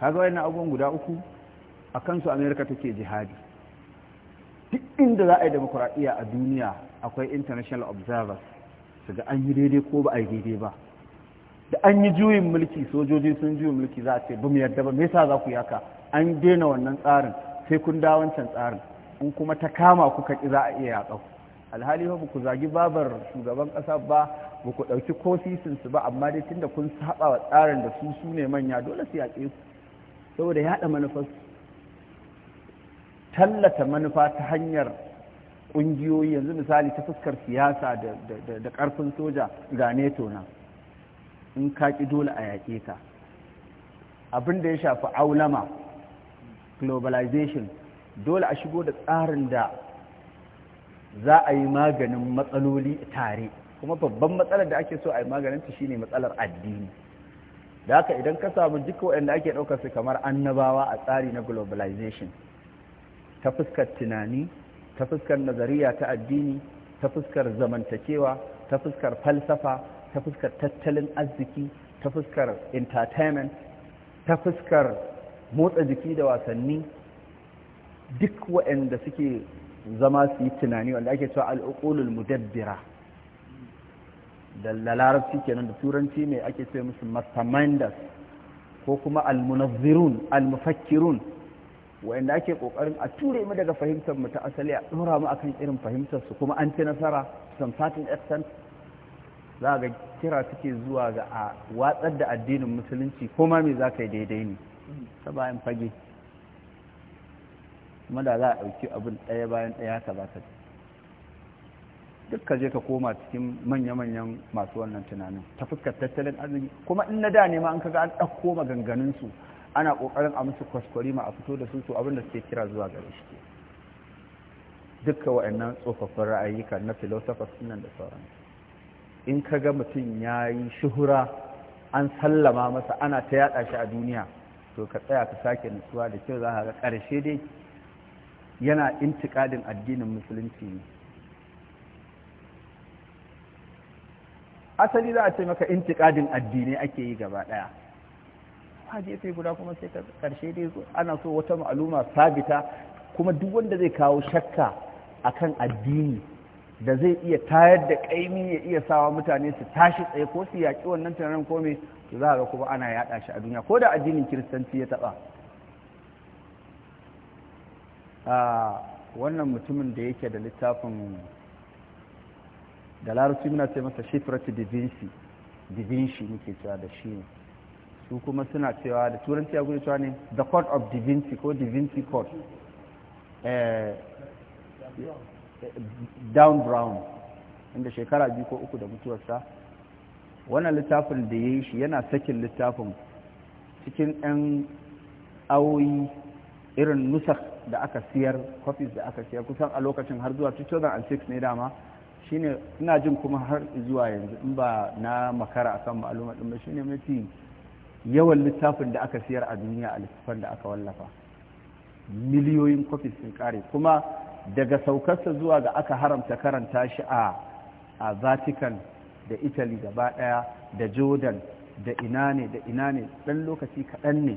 kaga wani abubuwan guda uku a kansu amerika take jihadi duk inda za a yi demokuraɗiyya a duniya akwai international observers su ga an yi daidai ko ba a yi daidai ba da an yi juyin mulki sojoji sun juyin mulki za a ce ba mu yarda ba me yasa za ku yaka an daina wannan tsarin sai kun dawo wancan tsarin in kuma ta kama kuka ki za a iya yaƙa alhali ba ku zagi babar shugaban ƙasa ba ba ku ɗauki kofisin su ba amma dai tunda kun saba wa tsarin da su sune manya dole su yaƙe ku saboda yaɗa manufarsu tallata manufa ta hanyar ƙungiyoyi yanzu misali ta fuskar siyasa da ƙarfin soja ga neto na in ka ƙi dole a yaƙe ka abinda ya shafi aulama globalization dole a shigo da tsarin da za a yi maganin matsaloli tare kuma babban matsalar da ake so a yi maganinta shine matsalar addini da haka idan ka samu duka waɗanda ake ɗaukar su kamar annabawa a tsari na globalization ta fuskar tunani ta fuskar nazariya ta addini ta fuskar zamantakewa ta fuskar falsafa ta fuskar tattalin arziki ta fuskar entertainment ta fuskar motsa jiki da wasanni duk waɗanda suke zama su yi tunani wanda ake cewa al'ukulul mudabbira da larabci kenan da turanci mai, ake ce musu masterminders ko kuma al-munazzirun al-mufakkirun wanda ake kokarin a ture mu daga fahimtar mu ta asali a dora mu akan irin fahimtar su kuma an ci nasara san fatin extent za ga kira suke zuwa ga a watsar da addinin musulunci ko ma me za ka yi daidai ne ta bayan fage kuma da za a ɗauki abin ɗaya bayan ɗaya ka za ka duk ka je ka koma cikin manya-manyan masu wannan tunanin ta fuskar tattalin arziki kuma in na da ne ma an kaga an ɗauko su ana ƙoƙarin a musu kwaskwari ma a fito da su to abin da suke kira zuwa gare shi dukkan wa'annan tsofaffin ra'ayyuka na philosophers nan da sauran in ka ga mutum ya yi shuhura an sallama masa ana ta yada shi a duniya to ka tsaya ka sake nutsuwa da kyau za ka ga ƙarshe dai yana intikadin addinin musulunci ne asali za a ce maka intikadin addinai ake yi gaba ɗaya hadisi guda kuma sai karshe dai ana so wata ma'aluma sabita kuma duk wanda zai kawo shakka akan addini da zai iya tayar da kaimi ya iya sawa mutane su tashi tsaye ko su yaƙi wannan tunanin kome to za ga kuma ana yaɗa shi a duniya ko da addinin kiristanci ya taɓa wannan mutumin da yake da littafin da larabci muna ce masa shifratu da divinci muke cewa da shi ne su kuma suna cewa da turanci ya gudu cewa ne the court of divinity ko divinity court eh, down brown inda shekara biyu ko uku da mutuwarsa wannan littafin da ya yi shi yana sakin littafin cikin 'yan awoyi irin nusar da aka siyar copies da aka siyar kusan a lokacin har zuwa 2006 ne dama shine ina jin kuma har zuwa yanzu in ba na makara akan ma'aluma ɗin ba shine mafi yawan littafin da aka siyar a duniya a littafin da aka wallafa miliyoyin kofis sun kare kuma daga saukarsa zuwa ga aka haramta karanta shi a a vatican da italy gaba daya da jordan da ina ne da ina ne dan lokaci kaɗan ne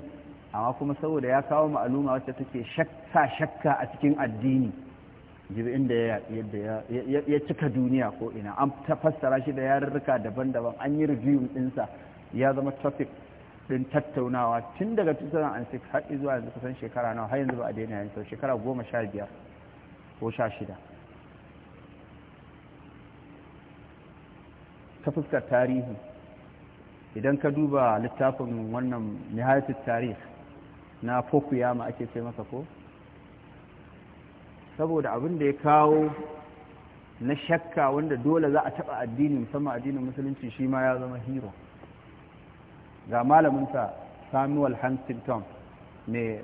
amma kuma saboda ya kawo ma'aluma wacce take shakka shakka a cikin addini Jibi, da ya cika duniya ko ina an ta fassara shi da yarurruka daban-daban an yi review dinsa, ya zama topic din tattaunawa tun daga 2006 har zuwa yanzu kusan shekara nawa har yanzu ba a daina yanzu shekara goma sha biyar ko sha shida ta fuskar tarihi idan ka duba littafin wannan nihayatul tarih na fokuyama ake ce masa ko saboda abin da ya kawo na shakka wanda dole za a taɓa addini musamman addinin musulunci shi ma ya zama hero ga malaminsa samuel huntington mai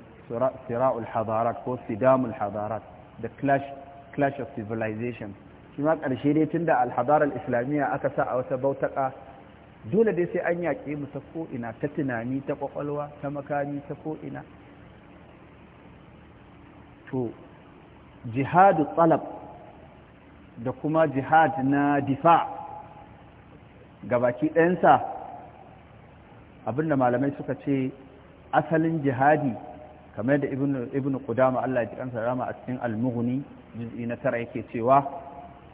sira'ul hadarat ko sidamul hadarat da clash of civilization shi ma ƙarshe dai tun da alhadarar islamiyya aka sa a wata bautaka dole dai sai an yaƙe mu ta ko'ina ta tunani ta ƙwaƙwalwa ta makami ta ko'ina to jihadu tsalab da kuma jihad na difa gabaki ɗansa abinda malamai suka ce asalin jihadi kamar da ibn qudama Allah ya kansa rama a cikin al-mughni juz'i na tara yake cewa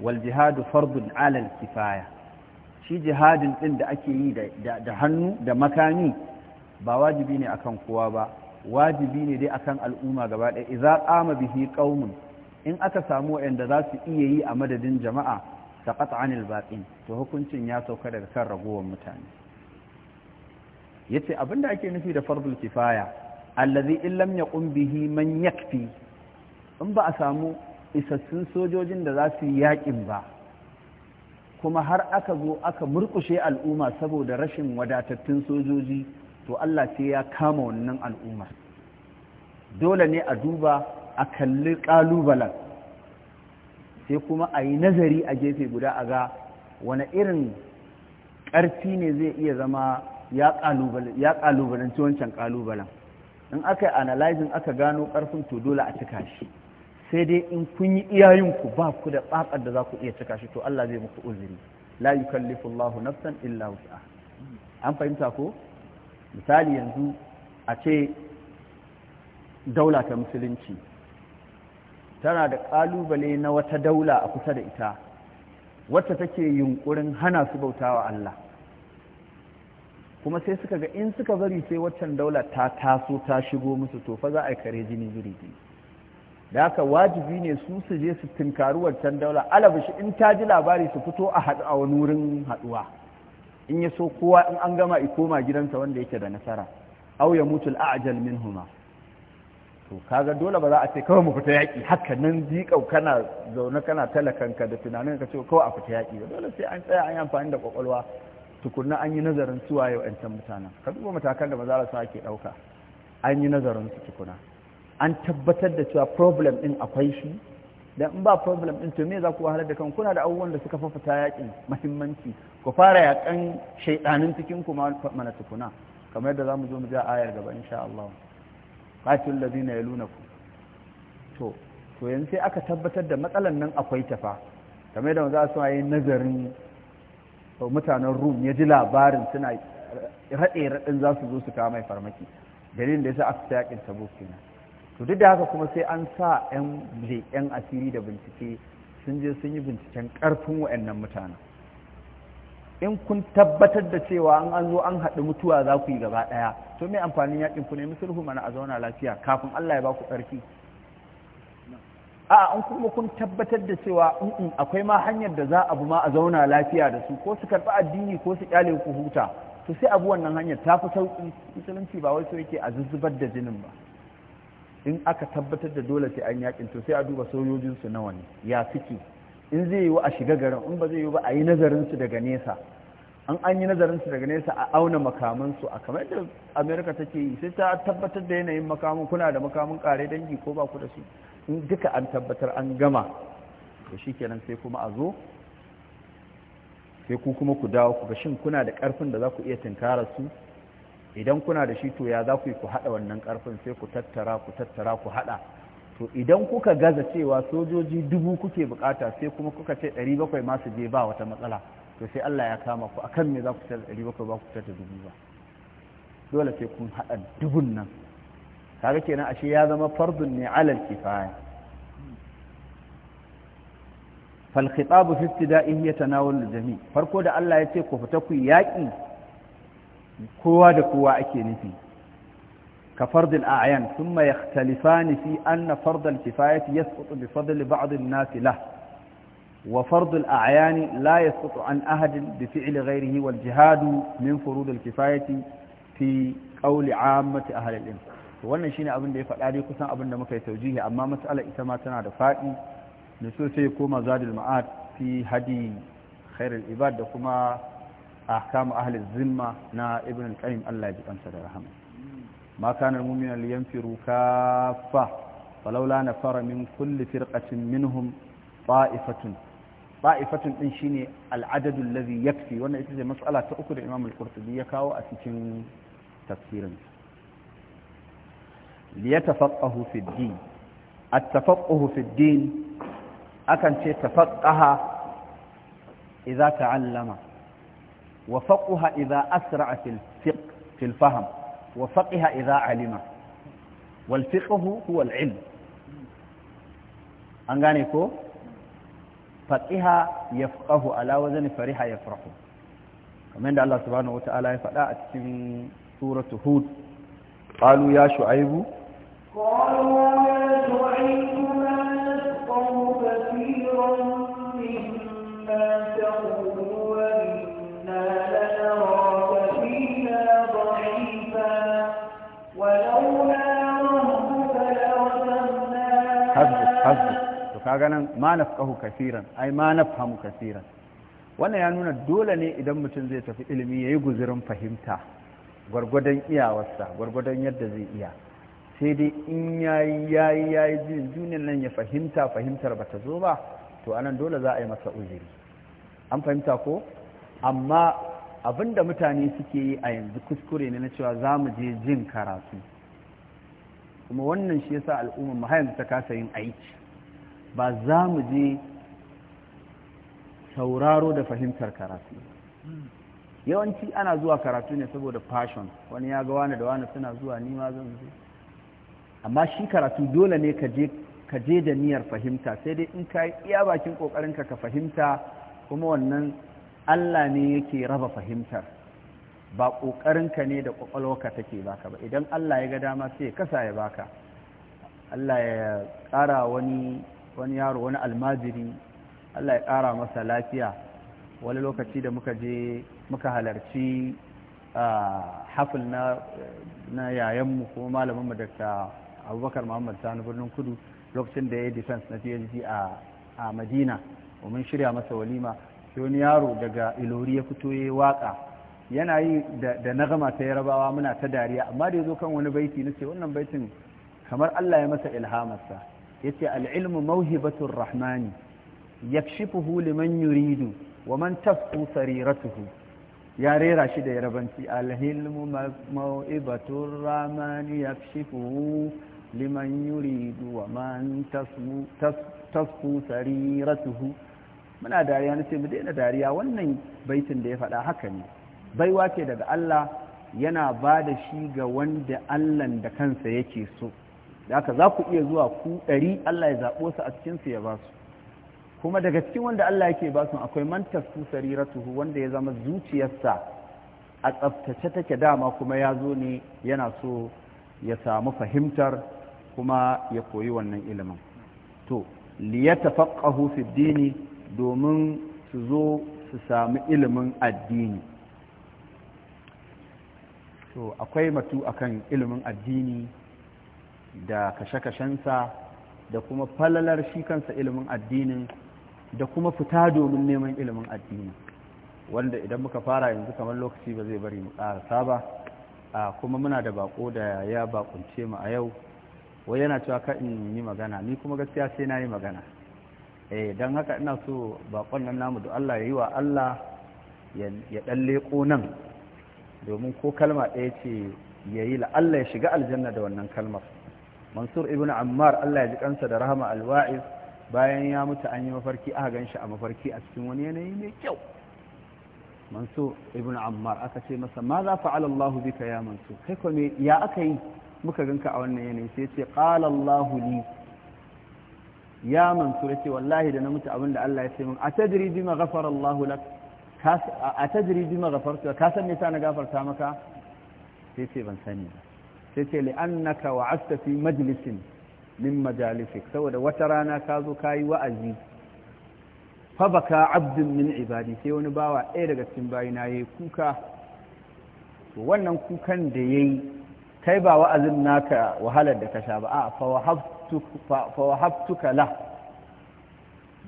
wal jihadu fardun ala al-kifaya shi jihadin din da ake yi da hannu da makami ba wajibi ne akan kowa ba wajibi ne dai akan al'umma gaba ɗaya idza qama bihi qaumun in aka samu wanda za su iya yi a madadin jama'a ta anil baqin to hukuncin ya sauka daga kan ragowar mutane yace abinda ake nufi da fardul kifaya allazi in lam yaqum bihi man yakfi in ba a samu isassun sojojin da za su yi yakin ba kuma har aka zo aka murkushe al'umma saboda rashin wadatattun sojoji to Allah sai ya kama wannan al'umma dole ne a duba a kalli kalubalen sai kuma a yi nazari a gefe guda a ga wani irin ƙarfi ne zai iya zama ya kalubalanci wancan kalubalen in aka yi analyzing aka gano ƙarfin to dole a cika shi sai dai in kun yi iyayenku ba ku da bakar da za ku iya cika shi to Allah zai muku uzuri la yukallifu Allahu nafsan illa wus'aha an fahimta ko misali yanzu a ce daula ta musulunci tana da ƙalubale na wata daula a kusa da ita wacce take yunkurin hana su bautawa Allah kuma sai suka ga in suka bari sai waccan daula ta taso ta shigo musu to fa za a kare jini jirgi da haka wajibi ne su su je su tunkari waccan daula shi in ta ji labari su fito a haɗu a wani wurin haɗuwa in ya so kowa in an gama ikoma gidansa wanda yake da nasara au ya mutu al'ajal min huma to kaga dole ba za a ce kawai mu fita yaƙi haka nan jiƙau kana zaune kana talakan ka da tunanin ka ce kawai a fita yaƙi ba dole sai an tsaya an yi amfani da ƙwaƙwalwa tukunna an yi nazarin su waye wa'ancan mutanen ka duba matakan da maza sa ake ɗauka an yi nazarin su tukuna an tabbatar da cewa problem ɗin akwai shi dan in ba problem ɗin to me za ku wahalar da kan kuna da abubuwan da suka fafata yakin muhimmanci ku fara yakan shaidanin cikin ku mana tukuna kamar yadda zamu zo mu ja ayar gaba insha Allah qatil ladina yalunakum to to yanzu sai aka tabbatar da matsalan nan akwai tafa kamar yadda za su yi nazarin mutanen rum ya ji labarin suna raɗe raɗin za su zo su kawo mai farmaki dalilin da ya sa aka ta yaƙin tabo kenan to duk da haka kuma sai an sa 'yan leƙen asiri da bincike sun je sun yi binciken ƙarfin wa'annan mutanen in kun tabbatar da cewa an an zo an haɗu mutuwa za ku yi gaba ɗaya to me amfanin yaƙin ku ne musulhu mana a zauna lafiya kafin Allah ya ba ku ƙarfi a an kuma kun tabbatar da cewa in akwai ma hanyar da za a bu ma a zauna lafiya da su ko su karɓi addini ko su kyale ku huta to sai abu wannan hanyar ta fi sauƙi musulunci ba wai yake a zuzzubar da jinin ba in aka tabbatar da dole sai an yakin to sai a duba sojojinsu nawa ne ya suke in zai yi wa a shiga garin in ba zai yi ba a yi nazarinsu daga nesa an an yi nazarinsu daga nesa a auna makamansu a kamar da Amurka take yi sai ta tabbatar da yanayin makamun kuna da makamun kare dangi ko ba ku da su in duka an tabbatar an gama da shi kenan sai kuma a zo sai ku kuma ku dawo ku ga shin kuna da ƙarfin da za ku iya tunkara su idan kuna da shi to ya za ku yi ku haɗa wannan ƙarfin sai ku tattara ku tattara ku haɗa to idan kuka gaza cewa sojoji dubu kuke bukata sai kuma kuka ce 700 masu je ba wata matsala to sai Allah ya kama ku akan me za ku ce 700 ba ku ta dubu ba dole sai kun haɗa dubun nan kaga kenan ashe ya zama fardun ne alal kifaya fal khitabu fi ibtida'i yatanawalu jami farko da Allah ya ce ku fita ku yaki kowa da kowa ake nufi ka fardil a'yan thumma yakhtalifani fi anna fardal kifayati yasqutu bi fadli ba'd an-nas lah wa fardul a'yan la yasqutu an ahad bi fi'li ghayrihi wal jihad min furud al-kifayati fi qawli 'ammati ahli al-ilm to wannan shine abin da ya faɗa dai kusan abin da muka yi taujihi amma masalar ita ma tana da faɗi da so sai koma zadul ma'ad fi hadi khairul ibad da kuma ahkamu ahli zimma na ibn al-qayyim Allah ya ji kansa da rahama ma kana al-mu'minu liyanfiru kaffa falawla nafara min kulli firqatin minhum ta'ifatun ta'ifatun din shine al-adadu alladhi yakfi wannan ita ce mas'ala ta uku da Imam al-Qurtubi ya kawo a cikin tafsirinsa liyatafaqahu fi din at-tafaqquhu fi din akan ce tafaqaha idza ta'allama wa faqaha idza asra'a fil fiqh fil fahm wa faqaha idza 'alima wal fiqhu huwa al-'ilm an gane ko faqiha yafqahu ala wazni fariha yafrahu kamar da Allah subhanahu ta'ala ya faɗa a cikin suratu hud qalu ya shu'aibu kaga nan ma nafqahu kafiran ai ma nafhamu kaseeran wannan ya nuna dole ne idan mutum zai tafi ilimi ya yi guzurin fahimta gwargwadon iyawarsa gwargwadon yadda zai iya sai dai in yayi yayi yayi jin duniyar nan ya fahimta fahimtar ba ta zo ba to anan dole za a yi masa uzuri an fahimta ko amma abinda mutane suke yi a yanzu kuskure ne na cewa za mu je jin karatu kuma wannan shi yasa al'ummar mu yanzu ta kasa yin aiki ba za mu je sauraro da fahimtar karatu yawanci ana zuwa karatu ne saboda fashon wani ya ga wani da wani suna zuwa ni ma zan zuwa amma shi karatu dole ne ka je da niyyar fahimta sai dai in ka yi iya bakin ƙoƙarinka ka fahimta kuma wannan allah ne yake raba fahimtar ba ka ne da ƙwaƙwalwarka take baka ba idan allah ya ga dama sai kasa ya baka allah ya ƙara wani wani yaro wani almajiri allah ya kara masa lafiya wani lokaci da muka je muka halarci ah, hafil na yayanmu ko malaminmu da abubakar muhammad sani birnin kudu lokacin da ya yi defense na phd a madina mun shirya masa walima sai wani yaro daga ilori ya fito ya waka yana yi da nagama ta yarabawa muna ta dariya amma da ya zo kan wani baiti na ce wannan baitin kamar allah ya masa ilhamarsa ya ce al'ilmu mauhibatun rahmani yakshifuhu liman yuridu wa man tasku sariratuhu ya rera shi da yarabanci alhilmu mau'ibatun rahmani yakshifuhu liman yuridu wa man tasfu sariratuhu muna dariya na ce mu daina dariya wannan baitin da ya faɗa haka ne baiwa ce daga Allah yana ba da shi ga wanda allahn da kansa yake so da haka za ku iya zuwa ku ɗari Allah ya zaɓo su a cikinsu ya ba su kuma daga cikin wanda Allah yake ba su akwai man tasfu sariratuhu wanda ya zama zuciyarsa a tsaftace take dama kuma ya zo ne yana so ya samu fahimtar kuma ya koyi wannan ilimin to liyatafaqahu fi dini domin su zo su sami ilimin addini to akwai matu akan ilimin addini da kashe-kashensa da kuma falalar shi kansa ilimin addinin da kuma fita domin neman ilimin addini wanda idan muka fara yanzu kamar lokaci ba zai bari mu ƙarasa ba kuma muna da bako da ya bakunce mu a yau wai yana cewa ka in yi magana ni kuma gaskiya sai na yi magana eh don haka ina so bakon nan namu da Allah ya yi wa Allah ya ɗan leƙo nan domin ko kalma ɗaya ce ya yi la'alla ya shiga aljanna da wannan kalmar mansur ibn ammar Allah ya ji kansa da rahama alwa'iz bayan ya mutu an yi mafarki aka gan shi a mafarki a cikin wani yanayi mai kyau mansur ibn ammar aka ce masa ma za fa'ala Allah bika ya mansur kai kuma ya aka yi muka ganka a wannan yanayi sai ce qala Allah li ya mansur ce wallahi da na mutu abin da Allah ya ce min atadri bima ghafara Allah lak atadri bima ghafarta ka san me sa na gafarta maka sai ce ban sani ba sai ce li'annaka wa'asta fi majlisin min majalisik saboda wata rana ka zo kayi wa'azi fa baka abdin min ibadi sai wani bawa ɗaya daga cikin bayina yayi kuka to wannan kukan da yayi kai ba wa'azin naka wahalar da ka sha ba a fawahaftuka la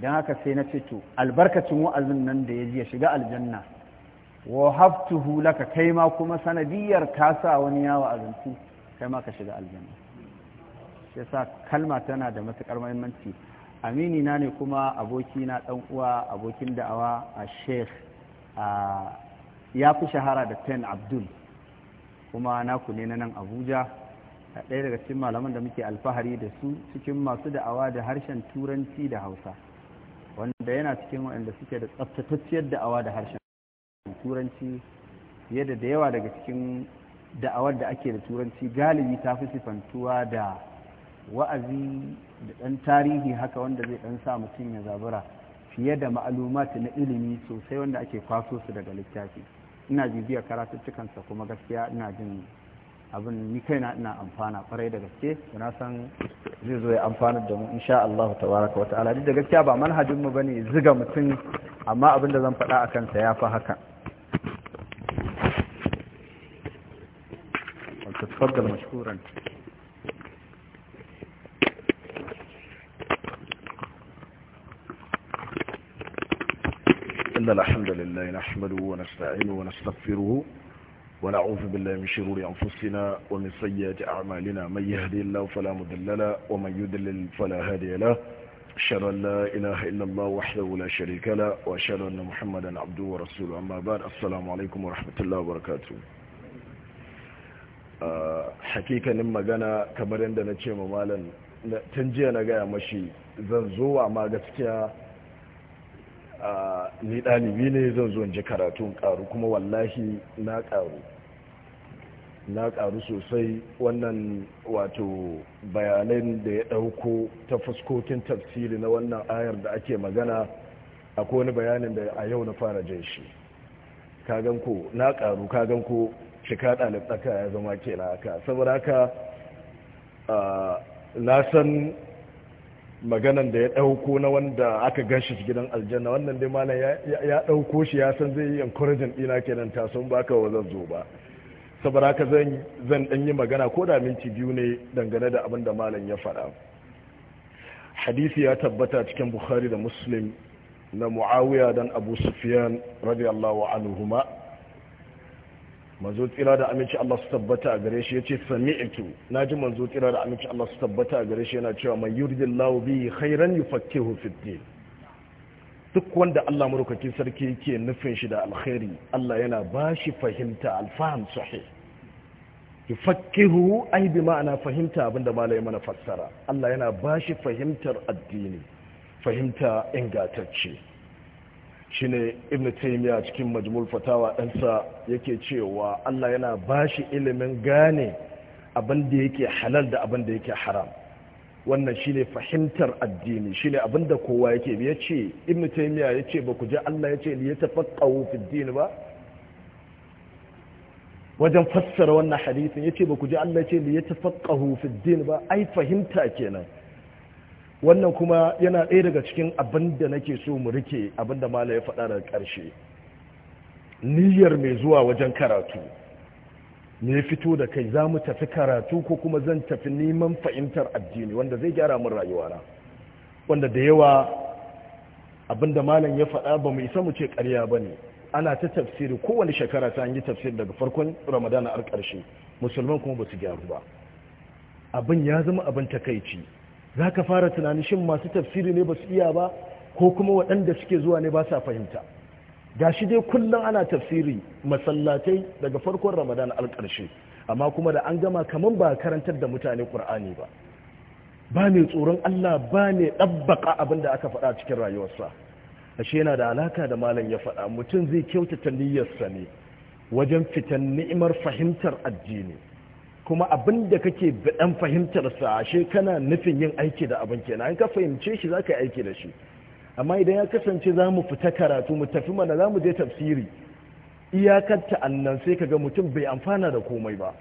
don haka sai na ce to albarkacin wa'azin nan da ya ji ya shiga aljanna hula ka kai ma kuma sanadiyar ka sa wani ya wa'azantu kai ma ka shiga aljanna shi sa kalma tana da matuƙar mahimmanci amini na ne kuma aboki na ɗan uwa abokin da'awa a sheikh ya fi shahara da ten abdul kuma naku ne na nan abuja a ɗaya daga cikin malaman da muke alfahari da su cikin masu da'awa da harshen turanci da hausa wanda yana cikin waɗanda suke da tsaftatacciyar da'awa da harshen turanci fiye da da yawa daga cikin da'awar da ake da turanci galibi ta fi sifantuwa da wa'azi da ɗan tarihi haka wanda zai ɗan sa mutum ya zabura fiye da ma'alumatu na ilimi sosai wanda ake kwaso su daga littafi ina bibiyar karatuttukansa kuma gaskiya ina jin abin ni kaina ina amfana kwarai da gaske na san zai zo ya amfana da mu insha Allah tabaraka wata duk da gaskiya ba manhajin mu ne ziga mutum amma abin da zan faɗa a kansa ya fi haka تفضل مشكورا إن الحمد لله نحمده ونستعينه ونستغفره ونعوذ بالله من شرور أنفسنا ومن سيئات أعمالنا من يهدي الله فلا مضل ومن يدلل فلا هادي له أشهد أن لا إله إلا الله وحده لا شريك له وأشهد أن محمدا عبده ورسوله أما بعد السلام عليكم ورحمة الله وبركاته حقيقة magana kamar كبرين دانا تشيما مالا تنجينا tun مشي na gaya قتكيا ni ɗalibi ne zan zo ji karatun ƙaru kuma wallahi na ƙaru na ƙaru sosai wannan wato bayanan da ya ɗauko ta fuskokin tafsiri na wannan ayar da ake magana akwai wani bayanin da a yau na fara jin shi gan ko na ƙaru gan ko shika ɗalib tsaka ya zama ke na haka saboda haka na san maganan da ya ɗauko na wanda aka gan shi gidan aljanna wannan dai malam ya ɗauko shi ya san zai yi encouraging ɗina kenan ta sun baka wa zan zo ba saboda haka zan zan ɗan yi magana ko da minti biyu ne dangane da abin da malam ya faɗa hadisi ya tabbata cikin bukhari da muslim na muawiya dan abu sufyan radiyallahu anhuma manzo tsira da aminci Allah su tabbata a gare shi yace sami'tu naji manzo tsira da aminci Allah su tabbata a gare shi yana cewa mai yuridillahu bi khairan yi fid din duk wanda Allah marukakin sarki yake nufin shi da alkhairi Allah yana shi fahimta alfaham sahih yufaqihu ai bi ma'ana fahimta abinda malai mana fassara Allah yana bashi fahimtar addini fahimta ingantacce ne ibn taimiyya cikin majmul fatawa ɗansa yake cewa Allah yana bashi ilimin gane abin da yake halal da abin da yake haram wannan shi ne fahimtar addini shi ne abin da kowa yake ya ce ibn taimiyya ya ce ba ku ji Allah ya ce ya tafa fi din ba wajen fassara wannan hadisin ya ce ba ku ji Allah ya ce ya tafa fi din ba ai fahimta kenan wannan kuma yana ɗaya daga cikin abinda da nake so mu rike abin da mala ya faɗa daga ƙarshe niyyar mai zuwa wajen karatu ne fito da kai za mu tafi karatu ko kuma zan tafi neman fahimtar addini wanda zai gyara min rayuwana wanda da yawa abinda malam ya faɗa ba mu isa mu ce ƙarya ba ne ana ta tafsiri kowane shekara ta yi tafsiri daga farkon ramadana har ƙarshe musulman kuma ba su gyaru ba abin ya zama abin takaici za ka fara tunanin shin masu tafsiri ne ba su iya ba ko kuma waɗanda suke zuwa ne ba sa fahimta ga shi dai kullum ana tafsiri masallatai daga farkon ramadan alƙarshe amma kuma da an gama kamar ba karantar da mutane ƙur'ani ba ba ne tsoron allah ba ne ɗabbaƙa abin da aka faɗa cikin rayuwarsa ashe yana da alaka da malam ya faɗa mutum zai kyautata niyyarsa ne wajen fitan ni'imar fahimtar addini kuma abin da kake dan fahimtar sa ashe kana nufin yin aiki da abin kenan in ka fahimce shi zaka yi aiki da shi amma idan ya kasance za mu fita karatu mu tafi mana za mu je tafsiri iyakar annan sai ka ga mutum bai amfana da komai ba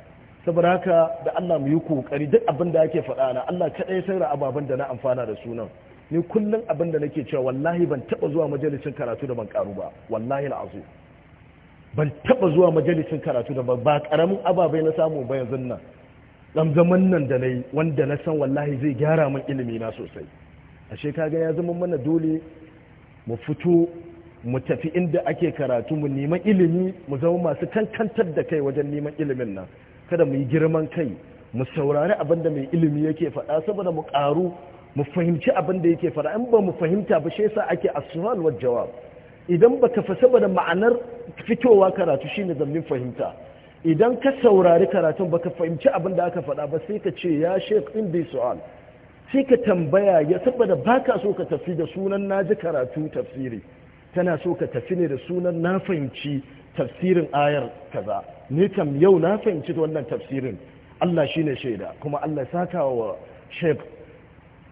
saboda haka da Allah mu yi kokari duk abin da yake faɗa na Allah kaɗai sai ra ababen da na amfana da sunan ni kullum abin da nake cewa wallahi ban taɓa zuwa majalisin karatu da ban karu ba wallahi al'azim ban taba zuwa majalisin karatu da ba karamin ababai na samu ba yanzu nan dan zaman nan da na yi wanda na san wallahi zai gyara min ilimi na sosai ashe kaga ya zama mana dole mu fito mu tafi inda ake karatu mu neman ilimi mu zama masu kankantar da kai wajen neman ilimin nan kada mu yi girman kai mu saurari abin da mai ilimi yake faɗa saboda mu ƙaru mu fahimci abin da yake faɗa in ba mu fahimta ba shi yasa ake aswal wal jawab idan ba ka fasa da ma'anar fitowa karatu shine zambin fahimta idan ka saurari karatun baka fahimci abin da aka faɗa ba sai ka ce ya sheik in dai su'al sai ka tambaya ya saboda baka so ka tafi da sunan naji karatu tafsiri tana so ka tafi ne da sunan na fahimci tafsirin ayar kaza ni kam yau na fahimci wannan tafsirin Allah shine shaida kuma Allah saka wa sheik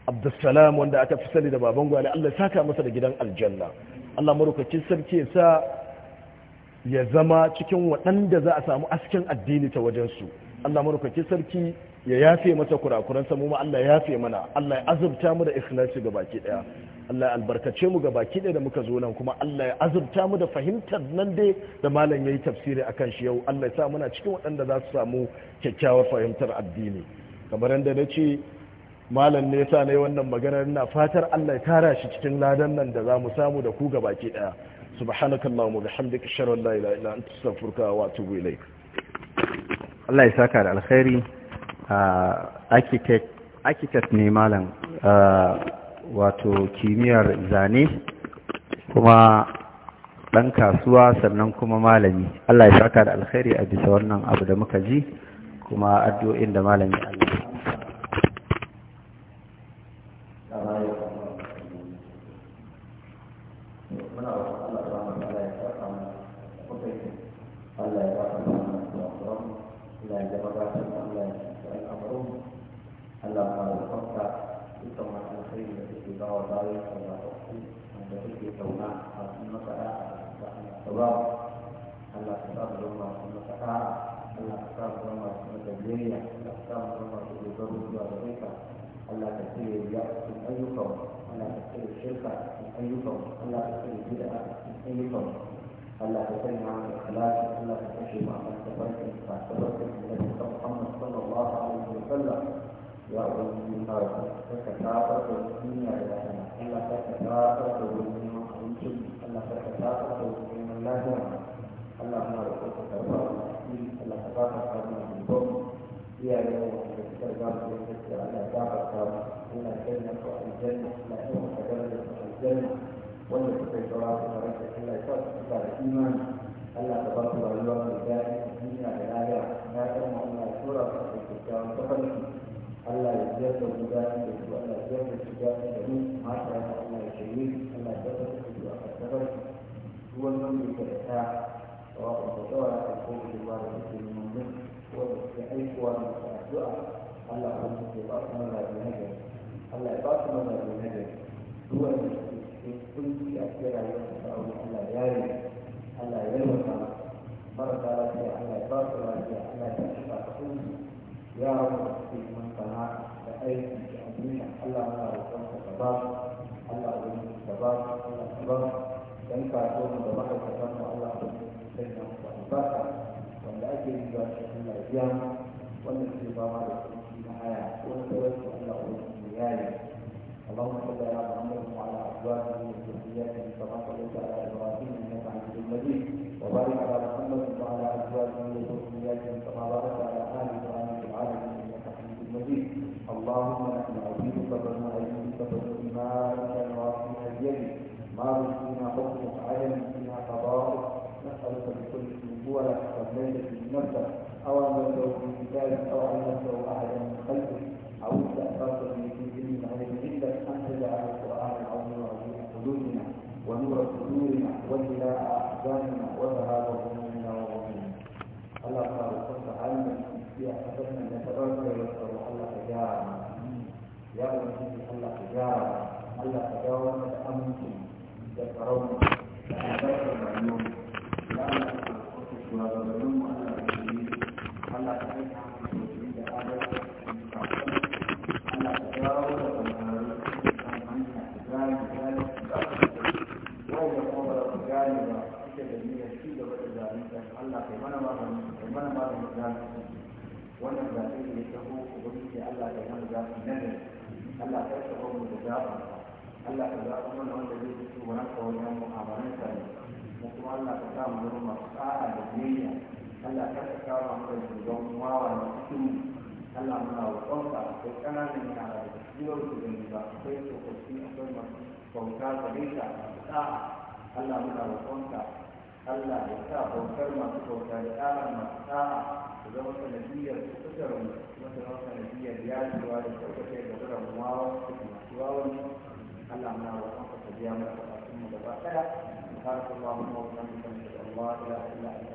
Abdulsalam wanda aka fi sani da baban gwale Allah saka masa da gidan aljanna Allah marukacin sarki sa ya zama cikin waɗanda za a samu askin addini ta wajensu Allah marukacin sarki ya yafe mata kurakuran samu ma Allah ya yafe mana Allah ya azurta mu da ikhlasi ga baki daya Allah ya albarkace mu ga baki daya da muka zo nan kuma Allah ya azurta mu da fahimtar nan dai da malam yayi tafsiri akan shi yau Allah ya sa muna cikin waɗanda za su samu kyakkyawar fahimtar addini kamar yadda na ce malam ne sa ne wannan magana ina fatar Allah ya tara shi cikin ladan nan da zamu samu da ku ke daya subhanakallahumma bihamdika ashhadu an la ilaha illa anta astaghfiruka wa atubu ilaik Allah ya saka da alkhairi architect architect ne malam wato kimiyyar zane kuma dan kasuwa sannan kuma malami Allah ya saka da alkhairi a bisa wannan abu da muka ji kuma addu'o'in da malami Allah dan jabatan Allah dan amrum Allah Maha Kuasa itu maha khair dari kita wa dari Allah dari kita wa Allah Taala Allah Allah Taala Allah Taala Allah Taala Allah Taala Allah Taala Allah Taala Allah تكفي اليأس من أي قوم، ألا تكفي الشرك من أي قوم، ألا تكفي البدعة من أي قوم، الله تكلم عن الاخلاق الله تكرم عن التبرك فاعتبرك النبي محمد صلى الله عليه وسلم يا أولي النار فتكاثرت الدنيا إلى هنا الله فتكاثرت الدنيا أنتم الله فتكاثرت الدنيا لا هنا الله ما رأيت تكاثرت الله تكاثرت من البر يا يوم تكاثرت الدنيا الله تكاثرت الله كلمة الجنة لا يوم تكاثرت الجنة wanda suka yi saura su tare da Allah ya sa su suka da imani Allah ta ba su rayuwa mai daɗi a duniya da lafiya ya san mu Allah ya tura su da kyakkyawan tafarki Allah ya biyar da mu daɗi da su Allah ya biyar da su daɗi da mu mata ya Allah ya shirye Allah ya biyar da su a tafarki duk wani wanda ya da ta sawa'un da tsawa ya kan kowa da ruwa da suke yi mun ko da suke aikuwa da su addu'a Allah ya ba su mazaje na gari Allah ya ba su mazaje na gari duk wanda kunci a cikin rayuwar su ta aure Allah ya yi Allah ya yi masa marasa lafiya Allah ya ba su lafiya Allah ya tashi ba su ya rabu da suke neman sana'a da aiki da amina Allah muna roƙon ka ka ba su Allah ya yi ka ba su Allah ka ba su dan kasuwar da ma'aikatan mu Allah ya yi sai na ku albarka wanda ake yi ba shi Allah ya biya wannan ke ba ma da kunci na haya wani sauransu Allah ya yi ya yi اللهم صل على محمد وعلى وبارك على محمد وعلى ازواجه وذرياته كما باركت على اهل ابراهيم في العالمين انك حميد مجيد اللهم نحن عبيدك بنو ايديك بنو ايمانك نواصينا بيدك ما فينا حكمك عدل فينا قضاءك نسالك بكل اسم هو لك قبلت في نفسك او انزلته في كتابك او علمته احدا من خلقك او استاثرت به في علم غير عندك ان تجعل القران العظيم ربيع قلوبنا ونور صدورنا وجلاء أحزاننا وذهاب همومنا وغمنا الله قال قصة عنا في أحسسنا أن تبارك ويسر الله تجارنا يا ابن الله تجارنا الله تجاوزنا أمنكم يسرون فأنتم معلومين wannan malamin da zaka wannan zaɓe ne ta ko Allah ya nan zaɓi nan ne Allah ya saba mu da zaɓa Allah ya zaɓa mana wanda zai fito wa ranka wajen mu'amalan ka ne mu kuma Allah ka sa mu zama masu tsara da biyayya Allah ya ka kawo mu da zuwan wawa da cikin Allah muna roƙonka akwai ƙananan yara da ciwon su da ba akwai tsofaffi akwai masu bauta gare ka a Allah muna roƙonka Allah ya sa bautar masu bauta da ƙarar masu sa'a da zama sanadiyar fitar mu kuma ta zama sanadiyar yajewa da sauƙaƙe da zura muwawa da masu wawan Allah na wa kanka ta biya mana buƙatun mu gaba ɗaya. Subhanallahi wa bihamdihi, Allahu la ilaha illa anta